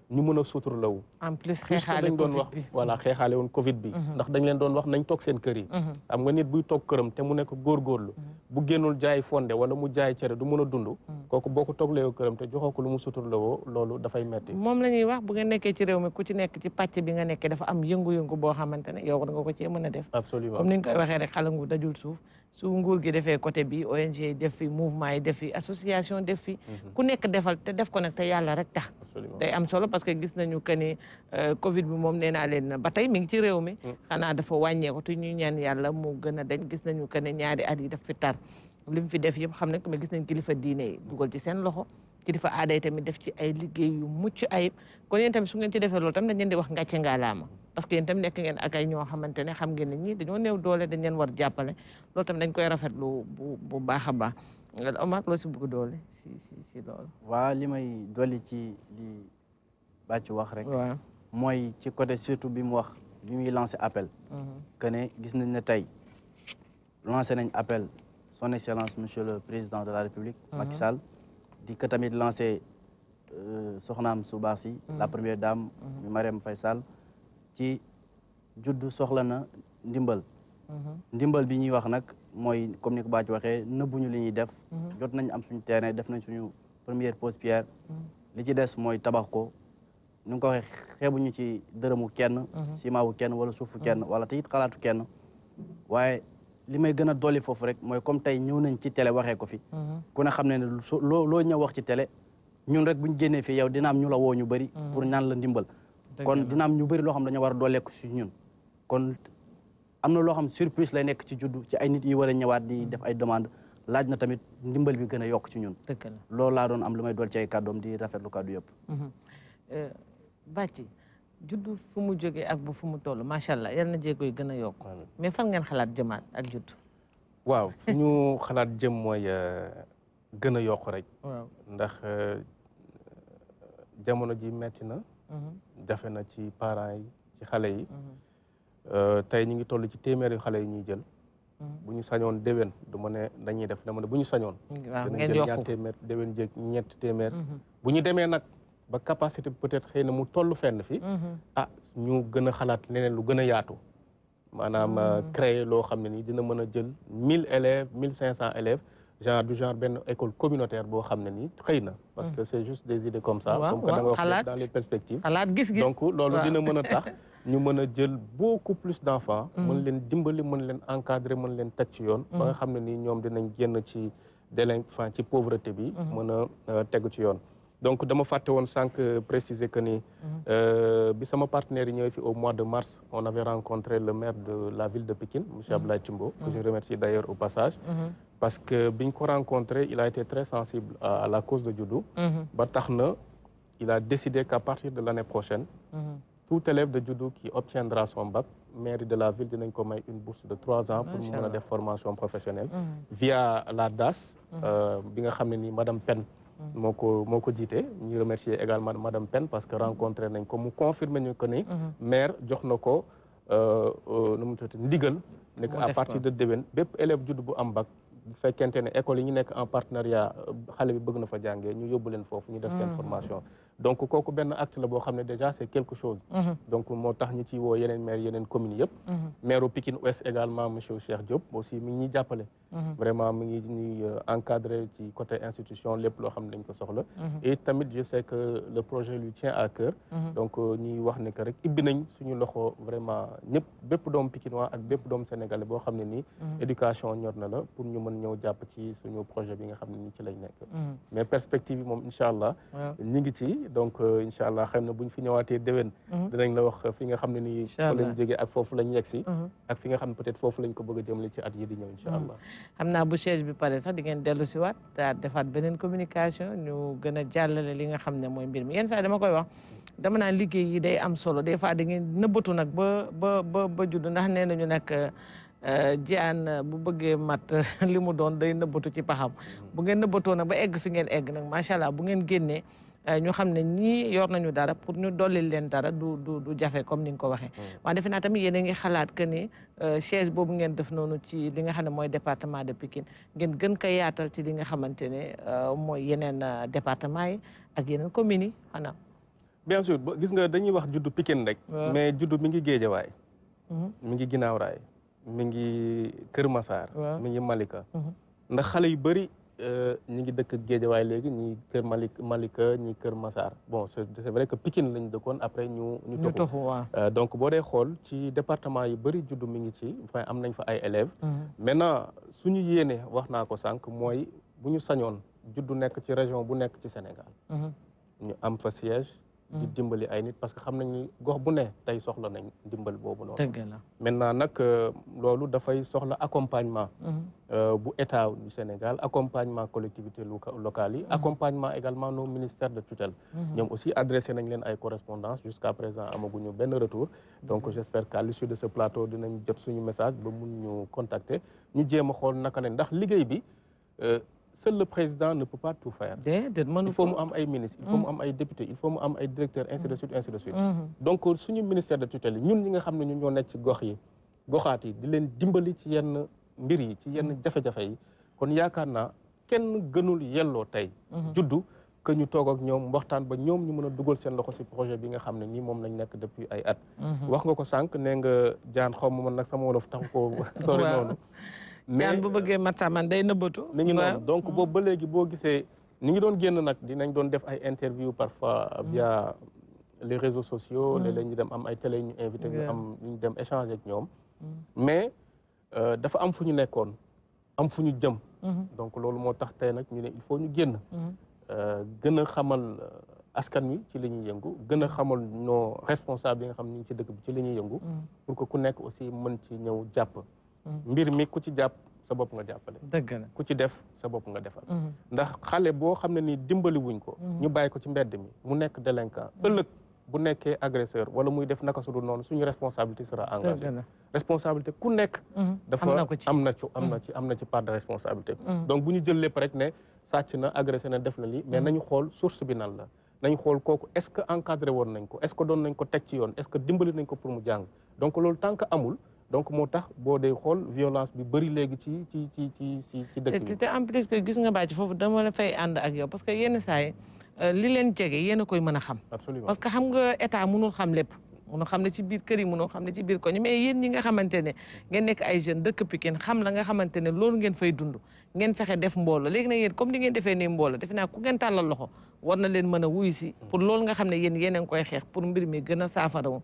ñu mën a suturlawu en plus xeexaale dañ doon wax voilà xeexaale woon covid bi mhm. ndax dañ leen doon wax nañ toog seen kër yi mhm. xam nga nit buy toog këram te mu nekk góorgóorlu mhm. bu génnul jaay fonde wala mu jaay cere du mën a dund kooku boo ko toogleewoo këram te joxoo ko lu mu suturlawoo loolu dafay metti moom la ñuy wax bu nga nekkee ci réew mi ku ci nekk ci pàcc bi nga nekkee dafa am yëngu-yëngu boo xamante ne yow war nga ko cee mën a def absolument comme koy waxee rek xalangu dajul su nguur gi defee côté bi ONG yi def fi yi def fi association def fi. Mhm. ku nekk defal te def ko nag te yàlla rek tax. day am solo parce que gis nañu que ni euh, Covid bi moom nee naa leen ba tey mi ngi ci réew mi. Mm. xanaa dafa wàññeeku te ñu ñaan yàlla mu gën a dañ gis nañu que ne ñaari at yi daf fi tar li mu fi def yëpp xam ne mais gis nañ kilifa diine yi dugal ci seen loxo. kilifa aada yi tamit def ci ay liggéey yu mucc ayib kon yéen tamit su ngeen ci defee loolu tam dañ leen di wax ngàcce parce que yéen tam nekk ngeen ak ay ñoo xamante ne xam ngeen ne ñii dañoo néew doole dañ leen war jàppale lo tam dañ koy rafetlu bu bu baax a baax Omar loo si bëgg doole si si si loolu. waaw li may dolli ci li bàcc wax rek. waaw mooy ci côté surtout bi mu wax bi muy lancé appel. Mhm. que ne gis nañ ne tey lancé nañ appel son excellence monsieur le président de la république. Mhm. Macky Sall di ko tamit lancé euh, soxnaam su baax si. la mhm. première dame. Marième Faye ci juddu soxla na ndimbal mhm. ndimbal bi ñuy wax nag mooy comme ni ko baa ci waxee nëbbuñu li ñuy def mhm. jot nañ am suñu terrain def nañ suñu première pose pierre mhm. li ci des mooy tabax ko ni ko waxee xeebuñu ci dërëmu kenn simaawu kenn wala suufu kenn wala te it xalaatu kenn waaye li may gën a dolli foofu rek mooy comme tey ñëw nañ ci télé waxee ko fi ku ne xam ne ne loo loo ñëw wax ci télé ñun rek buñ génnee fii yow dina am ñu la woo ñu bëri pour ñaan la ndimbal kon dina am ñu bëri loo xam dañoo war a dooleeku si ñun kon am na loo xam surprise lay nekk ci juddu ci ay nit yi war a ñëwaat di def ay demande laaj na tamit ndimbal bi gën a yokk ci ñun loolu laa doon am lu may dool ci ay kàddoom di rafetlu kàddu yëpp mhm. euh, Bathie juddu fu mu jógee ak bu fu mu toll macha allah yal na jéego yi gën a yokk mais fan ngeen xalaat jëmaat ak juddu waaw ñu xalaat jëm mooy euh, gën a yokk rek jamono ji metti na mhm. jafe na ci parent yi ci xale yi mhm. euh, tey ñu ngi toll ci téeméeri xale yi ñuy jël mhm. bu ñu sañoon déwén du ma ne dañuy def dama ne bu ñu sañoon dinañ jël ñaar téeméer déwén jéeg ñetti téeméer bu ñu demee nag ba capacité peut-être xëy na mu toll fenn fi ah ñu gën xalaat leneen lu gën a yaatu maanaam euh, créer loo xam ne ni dina mën a jël mille élèves mille cinq cent élèves genre du genre ben école communautaire bo xamné ni xeyna parce hmm. que c'est juste des idées comme ça. comme que dans les perspectives. xalaat gis-gis donc lolu dina mëna tax. ñu mëna jël beaucoup plus d'enfants, enfants. Hmm. mën leen dimbali mën leen encadrer mën leen teg ci yoon. ba nga hmm. xam ni ñom dinañ génn ci délinquance ci pauvreté bi. mën a euh, ci yoon. donc dama fàtte woon sànq préciser que ni. Euh, bi sama partenaire ñëw fi au mois de mars on avait rencontré le maire de la ville de Pikine monsieur Abdoulaye Thimbo. que je remercie d'ailleurs au passage parce que biñ rencontré il a été très sensible à, la cause de judo mhm. il a décidé qu'à partir de l'année prochaine mhm. tout élève de judo qui obtiendra son bac maire de la ville de ko une bourse de trois ans pour mener des formations via la DAS mhm. euh, bi nga madame Penn Moko ko nous également madame Pen parce que rencontré nañ comme confirmé confirmer que le maire jox ko euh, euh, à partir de déwén élèves élève judo bu bac bu fekkente ne école yi ñu nekk en partenariat xale bi bëgg na fa jàngee ñu yóbbuleen foofu ñu def seen mm. formation donc kooku benn acte la boo xam déjà c'est quelque chose mhm. donc moo tax ñu ci woo yeneen maire yeneen communes yëpp mhm. maire Pikine Ouest également monsieur Cheikh Diop aussi mi ngi ñuy mhm. vraiment mi ngi ñuy euh, encadré ci côté institution lépp loo xam ne dañ ko soxla et tamit je sais que le projet lui tient à cœur donc euh, ñuy wax ne que rek ibbi nañ suñu loxo vraiment ñëpp bépp doom pikinois ak bépp doom sénégalais boo xam ni éducation ñor na la pour ñu mën ñëw jàpp ci suñu projet bi nga xam ne nii ci lañ nekk mais perspective yi moom ñi ngi ci donc euh, incha allah xam na bu ñu fi ñëwaatee déwén mhm. dinañ la wax fi nga xam ne ni fa lañ foofu lañ yegg si mhm. ak fi nga xam ne peut-être foofu lañ ko bëgg a jëmale ci at yi di ñëw incha mhm. xam naa bu siège bi pare sax di ngeen dellu si waat defaat beneen communication ñu gën a jàllale li nga xam ne mooy mbir mi yenn saa dama koy wax dama naa liggéey yi day am solo des fois da ngeen nëbbatu nag ba ba ba ba judd ndax nee nañu nag euh, euh, jaan bu bëggee mat [LAUGHS] li mu doon day nëbbatu ci paxam bu ngeen nëbbatoo nag ba egg fi ngeen egg nag macha bu ngeen génnee Euh, ñu xam ne ñii yor nañu dara pour ñu dollil leen dara du du jafe comme ni nga ko waxee. Mm. waaye defe naa tamit yéen a ngi xalaat que ni euh, chaise boobu ngeen def noonu ci li nga xam ne mooy département de Pikine ngeen gën ko yaatal ci li nga xamante ne euh, mooy yeneen département yi ak yeneen communes yi xanaa. bien sûr gis nga dañuy wax juddu Pikine rek. mais juddu mi ngi Géejawaay. Mm-hmm. mi ngi Ginnaaw Raay mi ngi Kër Massar. mi ngi Malika. Mm-hmm. ndax xale yu bëri. Euh, ñi ngi dëkk Géejawaay léegi ñi kër Malick Malika ñi kër Massar bon c' vrai que Pikine lañu dëkkoon après ñu. ñu toxu waaw euh, donc boo dee xool ci département yu bëri juddu mi ngi ci enfin am nañ fa ay élèves. Mm-hmm. maintenant suñu yéene wax naa ko sànq mooy bu ñu sañoon juddu nekk ci région bu nekk ci Sénégal. Mm-hmm. ñu am fa siège. di mm. dimbali ay nit parce que xam nañu gox bu ne tay soxla nañ dimbal bobu non dëgg la maintenant nag euh, loolu soxla accompagnement. Mm-hmm. Euh, bu état du Sénégal accompagnement collectivité locale mm-hmm. accompagnement également nos ministères de tutelle. Mm-hmm. ñom aussi adressé nañ leen ay correspondance jusqu'à présent amaguñu ben retour. donc j'espère qu'à l'issue de ce plateau dinañ jot suñu message ba mun ñu contacter ñu jéem xol naka ne ndax liguey bi. Euh, seul le président ne peut pas tout faire. il faut mu am ay ministres il am ay députés il mu am ay directeurs ainsi de suite mm-hmm. suñu ministère de tutelle ñun ñi nga xam ne ñun ñoo nekk ci gox yi goxaat yi di leen dimbali ci yenn mbir yi ci yenn mm-hmm. jafe-jafe yi kon yaakaar naa kenn gënul yelloo tey. Mm-hmm. juddu que ñu toog ak ñoom waxtaan ba ñoom ñu mën a dugal seen loxo si projet bi nga xam ne nii moom lañ nekk depuis ay at. wax nga ko sànq nee nga jaan xaw ma man nag sama wolof taxu ko [LAUGHS] sori noonu. mais bu bëggee mat sax man day nëbbatu. mi ngi noonu donc boobu ba léegi boo gisee. ni ngi doon génn nag dinañ doon def ay interview parfois via les réseaux sociaux. Mm. léeg dem am ay télé ñu invité ñu am ñu dem échanger ñoom. Mm. mais euh, dafa am fu ñu nekkoon am fu ñu jëm. Mm-hmm. donc loolu moo tax tey nag ñu ne il faut ñu génn. Mm-hmm. Euh, gën a xamal euh, askan wi ci li ñuy yëngu gën a xamal nos responsables yi nga xam ñu ngi ci dëkk bi ci li ñuy yëngu. Mm. pour que ku nekk aussi mën ci ñëw jàpp. mbir mi ku ci jàpp sa bopp nga jàppale. dëgg la ku ci def sa bopp nga defal. Mhm. ndax xale boo xam ne nii dimbali wuñ ko. Mhm. ñu bàyyi ko ci mbedd mi mu nekk délinquant mhm. ëllëg. bu nekkee agresseur wala muy def naka su dul noonu suñu responsabilité sera engagée responsabilité ku nekk dafa am na ci am na ci am na ci part de responsabilité donc bu ñu jël lépp rek ne sàcc na agressé na def na lii mais nañu xool source bi nan la nañu xool kooku est-ce que encadré woon nañ ko est ci yoon est-ce que dimbali nañ pour mu jàng donc loolu tant que amul donc moo tax boo dee xool violence bi bëri léegi ci ci ci ci ci ci te en plus que gis nga bàcc foofu dama la fay ànd ak yow parce que yenn saa euh, li leen jege yéen a koy mën a xam absolument parce que xam nga état mënul xam lépp mënul xam ne ci biir kër yi mënul xam ne ci biir koñ mais yéen ñi nga xamante ne ngeen nekk ay jeunes dëkk Pikine xam la nga xamante ne loolu ngeen fay dund ngeen fexe def mbooloo léegi nag yéen comme ni ngeen defee ni mbooloo defe naa ku ngeen tàllal war na leen man a wuy si pour loolu nga xam ne yéen yéen a ngi koy xeex pour mbir mi gën a saafaraw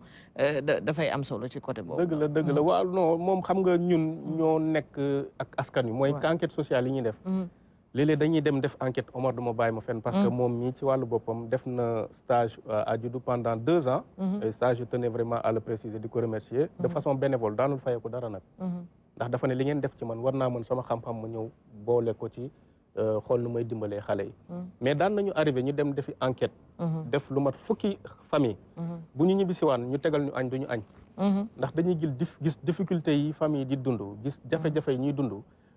eh, dafay am solo ci côté boobu. dëgg la dëgg la waaw non moom xam nga ñun ñoo nekk eh, ak askan wi mooy enquête sociale yi ñuy def. Mm-hmm. léeg-léeg dañuy dem def enquête Omar du ma bàyyi ma fen parce que mm-hmm. moom mii ci wàllu boppam def na stage euh, à Diouldou pendant deux ans. Mm-hmm. stage je tenais vraiment à le préciser di ko remercier. de façon bénévole daanul fayee ko dara nag. ndax dafa ne li ngeen def ci man war naa mën sama xam-xam ma ñëw boole ko ci. Euh, xool nu may dimbalee xale yi mm-hmm. mais daan nañu arrivé ñu dem defi enquête mm-hmm. def lu mat fukki famille mm-hmm. bu ñu ñibbisiwaan ñu tegal ñu añ du ñu añ ndax dañuy jël gis difficulté yi famille di dund gis jafe-jafe yi ñuy dund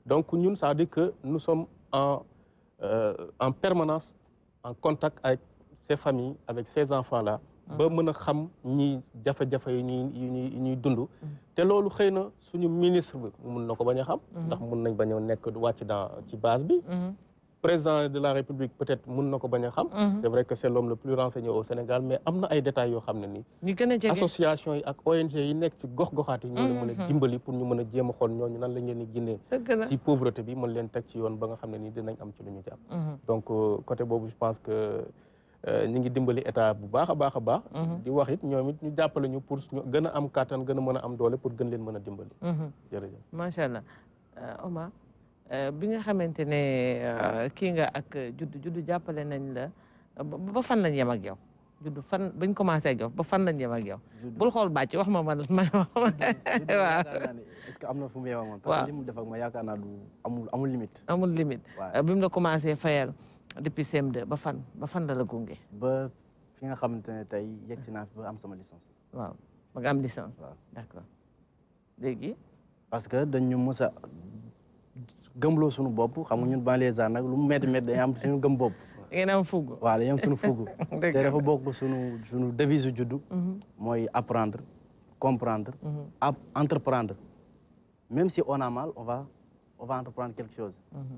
donc ñun ça veut dire que nous sommes en euh, en permanence en contact avec ces familles avec ces enfants là ba mën a xam ñi jafe-jafe yi ñuy yi ñuy dund. te loolu xëy na suñu ministre bi mun na ko bañ a xam. Mm-hmm. ndax mun nañ bañ a nekk wàcc dans ci base bi. Mm-hmm. président de la république peut-être mun na ko bañ a xam. Mm-hmm. c'est vrai que c'est l'homme le plus renseigné au Sénégal mais am na ay détails yoo xam ne nii. ñu gën a association yi ak ONG yi nekk ci gox-goxaat yi. ñu mën a dimbali pour ñu mën a jéema a xool ñooñu nan lañ leen di génnee. ci pauvreté bi mën leen teg ci yoon ba nga xam ne nii dinañ am ci lu ñu jàpp. donc euh, côté boobu je pense que. Euh, ñu ngi dimbali état bu baax a baax a baax. Mm-hmm. di wax it ñu jàppale ñu pour ñu gën a am kàttan gën a mën a am doole pour gën leen mën a dimbali. Mm-hmm. jërëjëf macha allah euh, Omar euh, bi nga xamante ne kii nga ak juddu juddu jàppale nañ la ba fan lañ yem ak yow. juddu fan bañ commencé ak yow ba fan lañ yem ak yow. bul xool bàcc wax ma man [LAUGHS] man [LAUGHS] waaw. est na fu mu yem ak parce que mu def ak yaakaar naa du amul amul limite. amul limite bi mu la commencé fayal. depuis CM2 ba fan ba gunge. ba fi nga xamante ne tey yegg si ba am sama licence. waaw ba nga am licence. waaw parce que dañu mës a gëmloo sunu bopp xam nga ñun banlieusards nag lu mu métti métti dañuy am bopp. da ngeen am fugg. waaw [LAUGHS] bokk suñu devise juddu. Mhm. mooy apprendre comprendre. Mhm. entreprendre. même si on mal on entreprendre quelque chose. Mhm.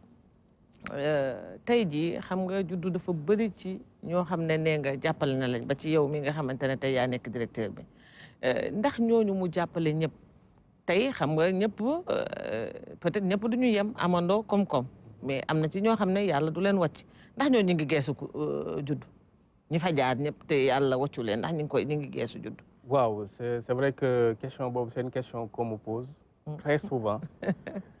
Euh, tey ji xam nga juddu dafa bëri ci ñoo xam ne nee nga jàppale na lañ ba ci yow mii nga xamante ne tey yaa nekk directeur bi euh, ndax ñooñu mu jàppale ñëpp tey xam nga ñëpp euh, peut-être ñëpp du ñu yem amandoo koom-koom mais am na ci ñoo xam ne yàlla du leen wàcc ndax ñoo ñu ngi geesu judd ñi fa jaar ñëpp te yàlla wàccu leen ndax ñu ngi koy ñu ngi geesu judd. waaw c'est vrai que question boobu c'est une question pose mm. très souvent. [LAUGHS]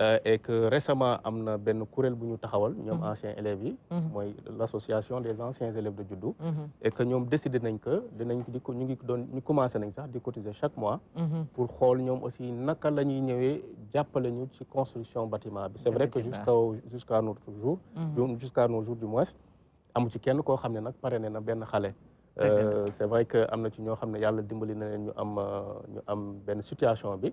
Euh, et que récemment am ben benn kuréel bu ñu taxawal. ñoom mhm. anciens élèves yi. Mhm. mooy l'association des anciens élèves de judo, mhm. et que ñoom décidé nañ que dinañ di ko ñu ngi doon ñu commencé nañ sax di cotiser chaque mois. pour xool ñoom aussi naka la ñuy ñëwee ñu ci construction bâtiment bi. vrai que jusqu'à jusqu'à jusqu' notre jour. jusqu' nos jours du moins amu ci kenn koo xam ne nag pare na benn xale. Euh, vrai que am na ci ñoo xam ne dimbali na leen ñu am euh, ñu am situation bi.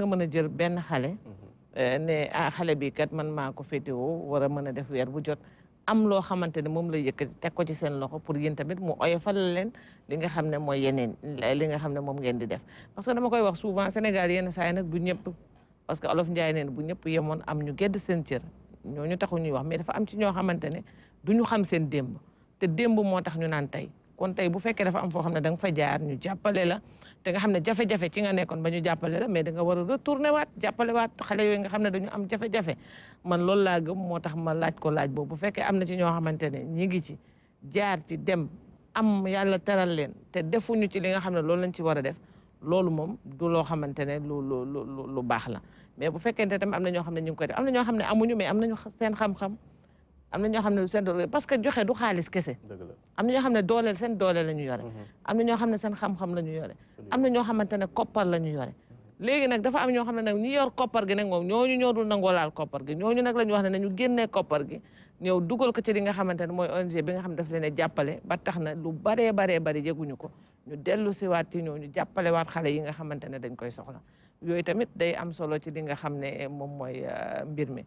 nga mën a jël benn xale mhm. eh, ne ah xale bi kat man maa ko féetewoo war a mën a def weer bu jot am loo xamante ne moom la yëkkati teg ko ci seen loxo pour yéen tamit mu oyofal leen li nga xam ne mooy li nga xam ne moom ngeen di def parce que dama koy wax souvent Sénégal yenn saa yi nag du ñëpp parce que olof Njaay neen bu ñëpp yemoon am ñu gedd seen cër ñooñu taxu ñuy wax mais dafa am ci ñoo xamante ne du ñu xam seen démb te démb moo tax ñu naan tey kon tey bu fekkee dafa am foo xam ne danga nga fa jaar ñu jàppale la te nga xam ne jafe-jafe ci nga nekkoon ba ñu jàppale la mais da nga war a waat jàppale waat xale yooyu nga xam ne dañu am jafe-jafe man loolu laa moo tax ma laaj ko laaj boobu bu fekkee am na ci ñoo xamante ne ñi ngi ci jaar ci dem am yàlla teral leen te defuñu ci li nga xam ne loolu lañ ci war a def loolu moom du loo xamante ne lu lu lu lu baax la mais bu fekkente tamit am na ñoo xam ne ñu ngi koy def am na ñoo xam ne amuñu mais am nañu seen xam-xam am na ñoo xam ne seen doole parce que joxe du xaalis kese am na ñoo xam ne dooleel seen doole la ñu yore mhm. am na ñoo xam ne seen xam-xam la ñu yore am na ñoo xamante ne koppar la ñu yore mhm. nag dafa am ñoo xam ne nag ñu yor koppar gi nag moom ñooñu ñoo dul nangoo laal koppar gi ñooñu nag la ñu wax nañu génnee koppar gi ñëw dugal ko ci li nga xamante ne mooy ONG bi nga xam ne daf leen a jàppale ba tax na lu baree bari yeguñu ko ñu dellu si waat ci ñooñu jàppale waat xale yi nga xamante ne dañ koy soxla yooyu tamit day am solo ci li nga xam ne moom mooy euh, mbir mi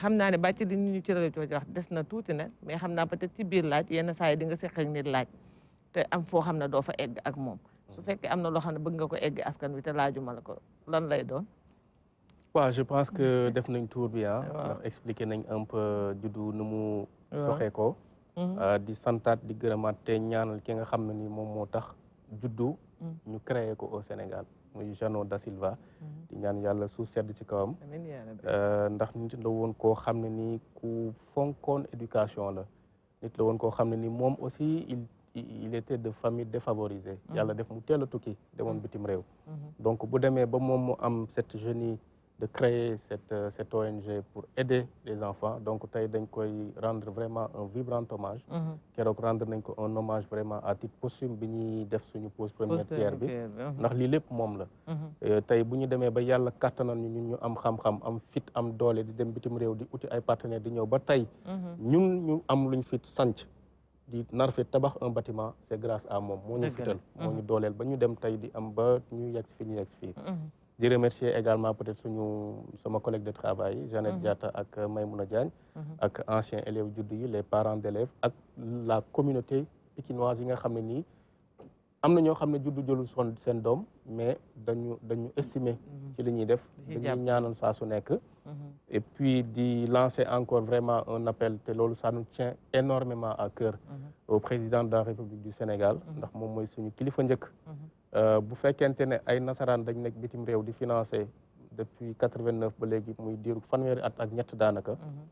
xam naa ne bàcc di ñu cërale ci wax des na tuuti nag mais xam naa peut-être ci biir laaj yenn saa yi di nga seq ak nit laaj te am foo xam ne doo fa egg ak moom su fekkee am na loo xam ne bëgg nga ko egg askan wi te laajuma la ko lan lay doon waaw je pense que [LAUGHS] def nañ tour bi ah ndax expliqué nañ un peu juddu nu mu soxee ko mhm. ah, di santaat di gërëmaat te ñaanal ki nga xam ne nii moom moo tax juddu mhm. ñu créé ko au Sénégal muy Jano da Silva. Mm-hmm. di ñaan yalla su sedd ci kawam. Euh, ndax nit la woon koo xam ne ni ku fonkoon éducation la. nit la woon koo xam ne ni moom aussi il il était de famille défavorisée. Mm-hmm. yàlla def mu teel a tukki demoon mm-hmm. bitim réew. donc bu demee ba moom mu am cette jeune de créer cette, euh, cette ONG pour aider les enfants donc tey dañ koy rendre vraiment un vibrant hommage mhm. keroog rendre nañ ko un hommage vraiment à titre posthume bi ñuy def suñu pose première pierre bi mhm. ndax lii lépp la mhm. euh, tey bu ñu demee ba yàlla kàttanal ñun ñu am xam-xam am fit am doole di dem bitim rew di outil ay partenaires di ñëw ba tay ñun ñu am luñ fit sanc di nar fi tabax un bâtiment c'est grâce à mom moo ñu fital moo ñu ba ñu dem tay di am ba ñu yegg si fi ñu je remercie également peut-être son, collègue de travail Jeannette mhm. Diatta et Maïmouna Diagne les mhm. anciens élèves du les parents d'élèves et la communauté pikinoise yi a xam des nii am juddu jëlul mais dañu dañu estimé mhm. ci li ñuy def dañuy et puis di lancer encore vraiment un appel tel, ça nous tient énormément à cœur au président de la République du Sénégal ndax moom mooy suñu Euh, bu fekkente ne ay nasaraan dañ nekk bitim réew di financé depuis quatre-vingt-neuf ba léegi muy diiru fanweeri at ak ñett daanaka. Mm-hmm.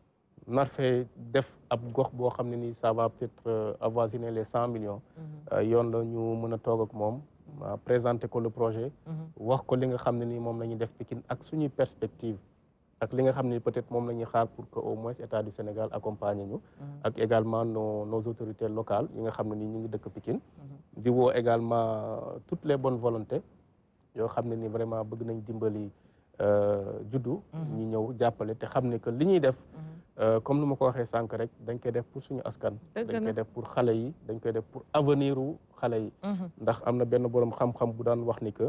nar fee def ab gox boo xam ne ni ça va peut-être euh, avoisiner les cent million mm-hmm. euh, yoon la ñu mën a toog ak moom. Mm-hmm. présenter ko le projet. wax ko li nga xam ne nii moom la ñuy def Pikine ak suñuy perspective ak li nga xam ne peut-être moom la ñuy xaar pour que au moins état du Sénégal accompagne ñu. Mm-hmm. ak également nos autorités locales yi nga xam ne ni ñu ngi dëkk Pikine. Mm-hmm. di woo également euh, toutes les bonnes volontés yoo xam ne ni vraiment bëgg nañ dimbali euh, juddu. Mm-hmm. ñu ñëw jàppale te xam ne que li ñuy def. Euh, comme nu ma ko waxee sànq rek dañ koy def pour suñu askan. dañ koy def pour xale yi dañ koy def pour avenir wu xale yi. ndax am na benn boroom xam-xam bu daan wax ni que.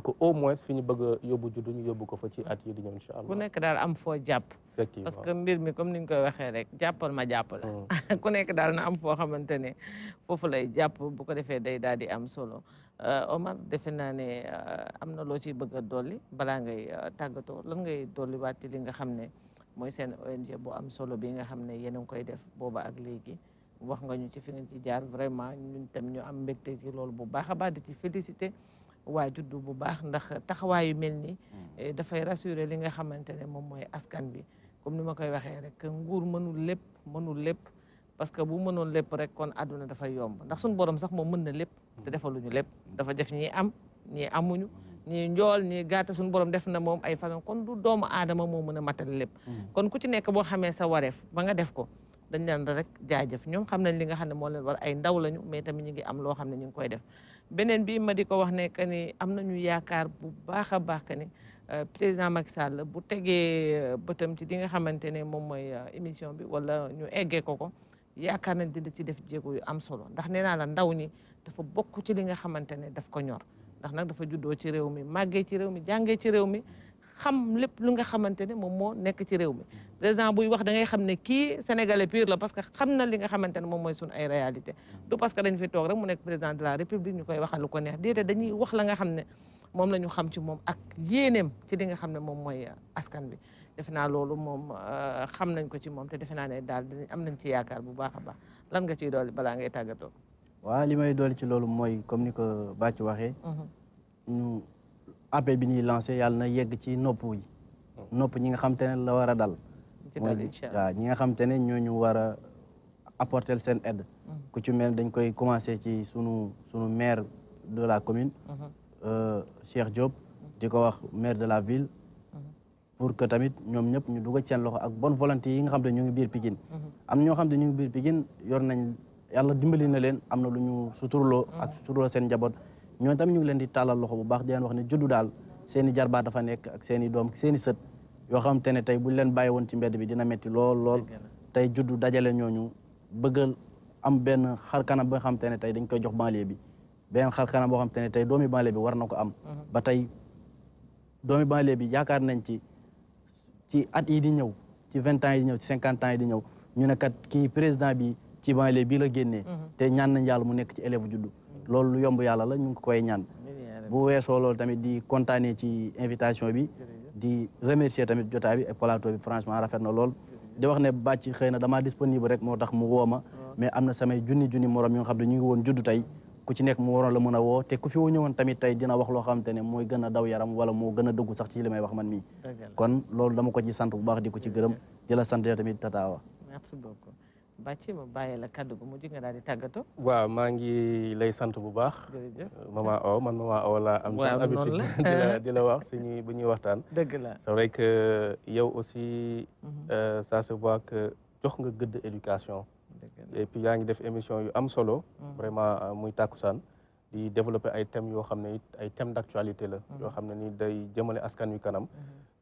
pour que au moins fi ñu bëgg a yóbbu ko fa ci at yi di ñëw incha allah. ku nekk daal am foo jàpp. effectivement parce que mbir mi comme ni ñu koy waxee rek jàppal ma jàpp la. Mm. [LAUGHS] ku nekk daal na am foo xamante foofu lay jàpp bu ko defee day daal di am solo euh, Omar defe naa ne euh, am na loo ciy bëgg a dolli bala ngay euh, tàggatoo lan ngay dolli waat li nga xam ne mooy seen ONG boo am solo bi nga xam ne yéen koy def booba ak léegi. wax nga ñu ci fi ngeen ci jaar vraiment ñun tam ñu am mbégte ci loolu bu baax a baax di ci félicité. waa juddu bu baax ndax taxawaayu mel ni mm. eh, dafay rassurer li nga xamante ne moom mooy askan bi comme nu ma koy waxee rek nguur mënul lépp mënul lépp parce que bu mënoon lépp rek kon àdduna dafay yomb ndax suñ borom sax moom mën na lépp te defaluñu lépp dafa def ñii am ñii amuñu mm. ñii njool ñii gàtt suñu borom def na moom ay façon kon du doomu aadama moo mën a matal lépp mm. kon ku ci nekk boo xamee sa wareef ba nga def ko dañ leen rek jaajëf ñoom xam nañ li nga xam ne moo leen war ay ndaw lañu mais tamit ñu ngi am loo xam ne ñu ngi koy def beneen bi ma di ko wax ne que ni am nañu yaakaar bu baax a baax que ni euh, président Macky Sall bu tegee euh, bëtam ci li nga xamante ne moom mooy euh, émission bi wala ñu eggee ko ko yaakaar nañ dina ci def jéego yu am solo ndax nee naa la ndaw ñi dafa bokk ci li nga xamante ne daf ko ñor ndax nag dafa juddoo ci réew mi màggee ci réew mi jàngee ci réew mi xam lépp lu nga xamante ne moom moo nekk ci réew mi président buy wax da ngay xam ne kii sénégalais pur la parce que xam na li nga xamante ne moom mooy suñu ay réalité du parce que dañ fi toog rek mu nekk président de la république ñu koy waxal lu ko neex déedéet la nga xam ne moom la ñu xam ci moom ak yéeneem ci li nga xam ne moom mooy askan bi defe naa loolu moom euh, xam nañ ko ci moom te defe naa ne daal dinañ am nañ ci yaakaar bu baax a baax lan nga ciy dolli balaa ngay tàggatoo. waaw li may dolli ci loolu mooy comme ni ko Bathie waxee. Mhm. appel bi ñuy lancé yàlla na yegg ci nopp yi a dal waaw ñi nga xam te ne ñooñu war a apporter seen aide mm-hmm. ku ci mel dañ koy commencé ci sunu sunu maire de la commune mm-hmm. euh, Cheikh Diop mm-hmm. di ko wax maire de la ville pour que tamit ñoom ñëpp ñu dugg ci seen loxo ak bonne volonté yi nga xam ne ñu ngi biir Pikine am ñoo xam ne ñu na leen am na lu ñu suturloo ak suturloo seen njaboot ñooñu tam ñu ngi leen di tàllal loxo bu baax di leen wax ne juddu daal seen i jarbaat dafa nekk ak seen i doom seen i sët yoo xamante ne tey buñ leen bàyyi woon ci mbedd bi dina metti lool lool tey juddu dajale ñooñu bëggal am benn xar bo ba nga xamante ne tey dañ koy jox banlieue bi benn xar bo boo xamante doomi banlieue bi war na am mhm. ba tey doomi banlieue bi yaakaar nañ ci ci at yi di ñëw ci vingt ans yi di ñëw ci cinquante ans yi di ñëw ñu ne kat ki président bi ci banlieue bi la génnee mhm. te ñaan nañ yàlla mu nekk ci élève juddu loolu lu yomb yàlla la ñu ngi koy ñaan bu weesoo loolu tamit di kontaanee ci invitation bi di remercier tamit jotaay bi ak plateau bi franchement rafet na lool di wax ne bàcc xëy na dama disponible rek moo tax mu woo ma mais am na samay junni junni morom yoo xam ne ñu ngi woon juddu tey ku ci nekk mu waroon la mën a woo te ku fi wu ñëwoon tamit tey dina wax loo xamante ne mooy gën a daw yaram wala moo gën a dëggu sax ci li wax man mii kon loolu dama ko ci sant bu baax di ko ci gërëm di la sant tamit tataawa merci Bathie ma bàyyi la kàddu gu mujj nga daal di tàggatoo. waaw maa ngi lay sant bu baax. jërëjëf maman man maman Awa laa am. waaw habitude [LAUGHS] di la di la wax bu ñuy waxtaan. dëgg la c'est vrai que yow aussi. sa mhm. euh, se voit que jox nga gëdd éducation. et yaa ngi def émission yu am solo. Mhm. vraiment euh, muy tàkkusaan di développer ay thèmes yoo xam ne ay thèmes d'actualité la. Mhm. yoo xam ne nii day jëmale askan wi kanam.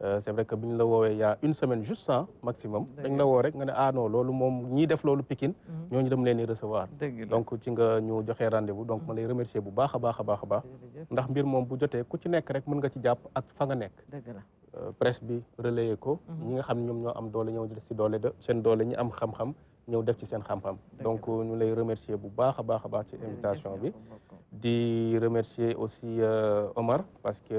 Euh, c'est vrai que buñ la wowe il y a une semaine juste sans maximum dañ la wo rek nga ne ah non loolu moom ñiy def loolu Pikine mhm. ñu dem leen recevoir donc ci nga ñu joxé rendez-vous donc ma mhm. lay remercier bu baax a baax a baax ndax mbir mom bu joté ku ci nekk rek mën nga ci japp ak fa nga nekk euh, presse bi relayer ko mhm. ñi nga xam ñom ñoo am doole ñëw ci doole de seen doole ñi am xam-xam ñëw def ci seen xam-xam donc ñu lay remercier bu baax a baax ci invitation bi di remercier aussi euh, Omar parce que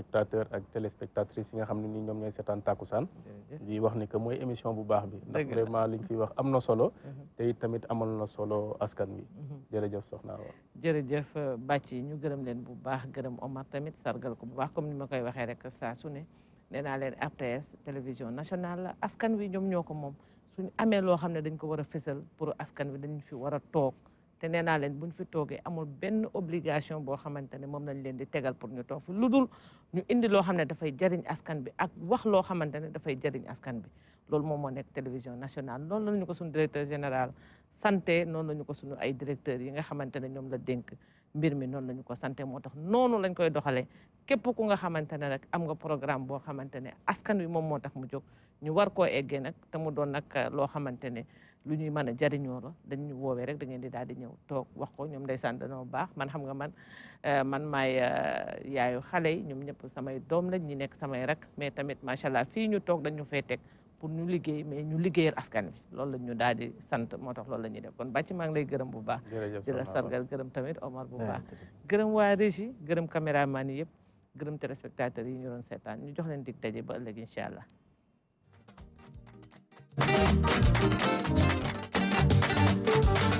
spectateur ak téléspectatrice yi nga xam ne nii ñoom ñooy seetaan Takusaan di wax ni que mooy émission bu baax bi ndax vraiment liñ fiy wax am na solo mhm. te it tamit amal na solo askan wi mhm. jërëjëf soxna Awa euh, baax comme ni ma koy waxee rek saa su ne leen RTS télévision nationale askan wi ñoom ñoo ko moom suñu amee xam ne dañ ko war a pour askan wi dañ fi war a toog te nee naa leen bu ñu fi toogee amul benn obligation boo xamante ne moom lañ leen di tegal pour ñu toog fu lu dul ñu indi loo xam ne dafay jariñ askan bi ak wax loo xamante ne dafay jariñ askan bi loolu moom moo nekk télévision nationale noonu la ñu ko suñu directeur général santé noonu la ko suñu ay directeurs yi nga xamante ne ñoom la dénk mbir mi noonu lañu ko sante moo tax noonu lañ koy doxalee képp ku nga xamante ne rek am nga programme boo xamante ne askan wi moom moo tax mu jóg ñu war koo eggee nag ta mu doon nag uh, loo xamante ne lu ñuy mën a jariñoo dañ dañu woowee rek da ngeen di daal di ñëw toog wax ko ñoom ndeysaan danoo baax man xam nga man uh, man maay uh, yaayu xale yi ñoom ñëpp samay doom lañ ñu nekk samay rek mais tamit macha allah fii ñu toog dañu fay teg pour ñu liggéey mais ñu liggéeyal askan wi loolu la daal di sant moo tax loolu la ñuy def kon bàcc maa ngi lay gërëm bu baax di la sargal gërëm tamit Omar bu ah, baax gërëm waa régie gërëm caméraman yi yëpp gërëm téléspectateurs yi ñu doon seetaan ñu jox leen dig daje ba ëllëg incha allah Thank you.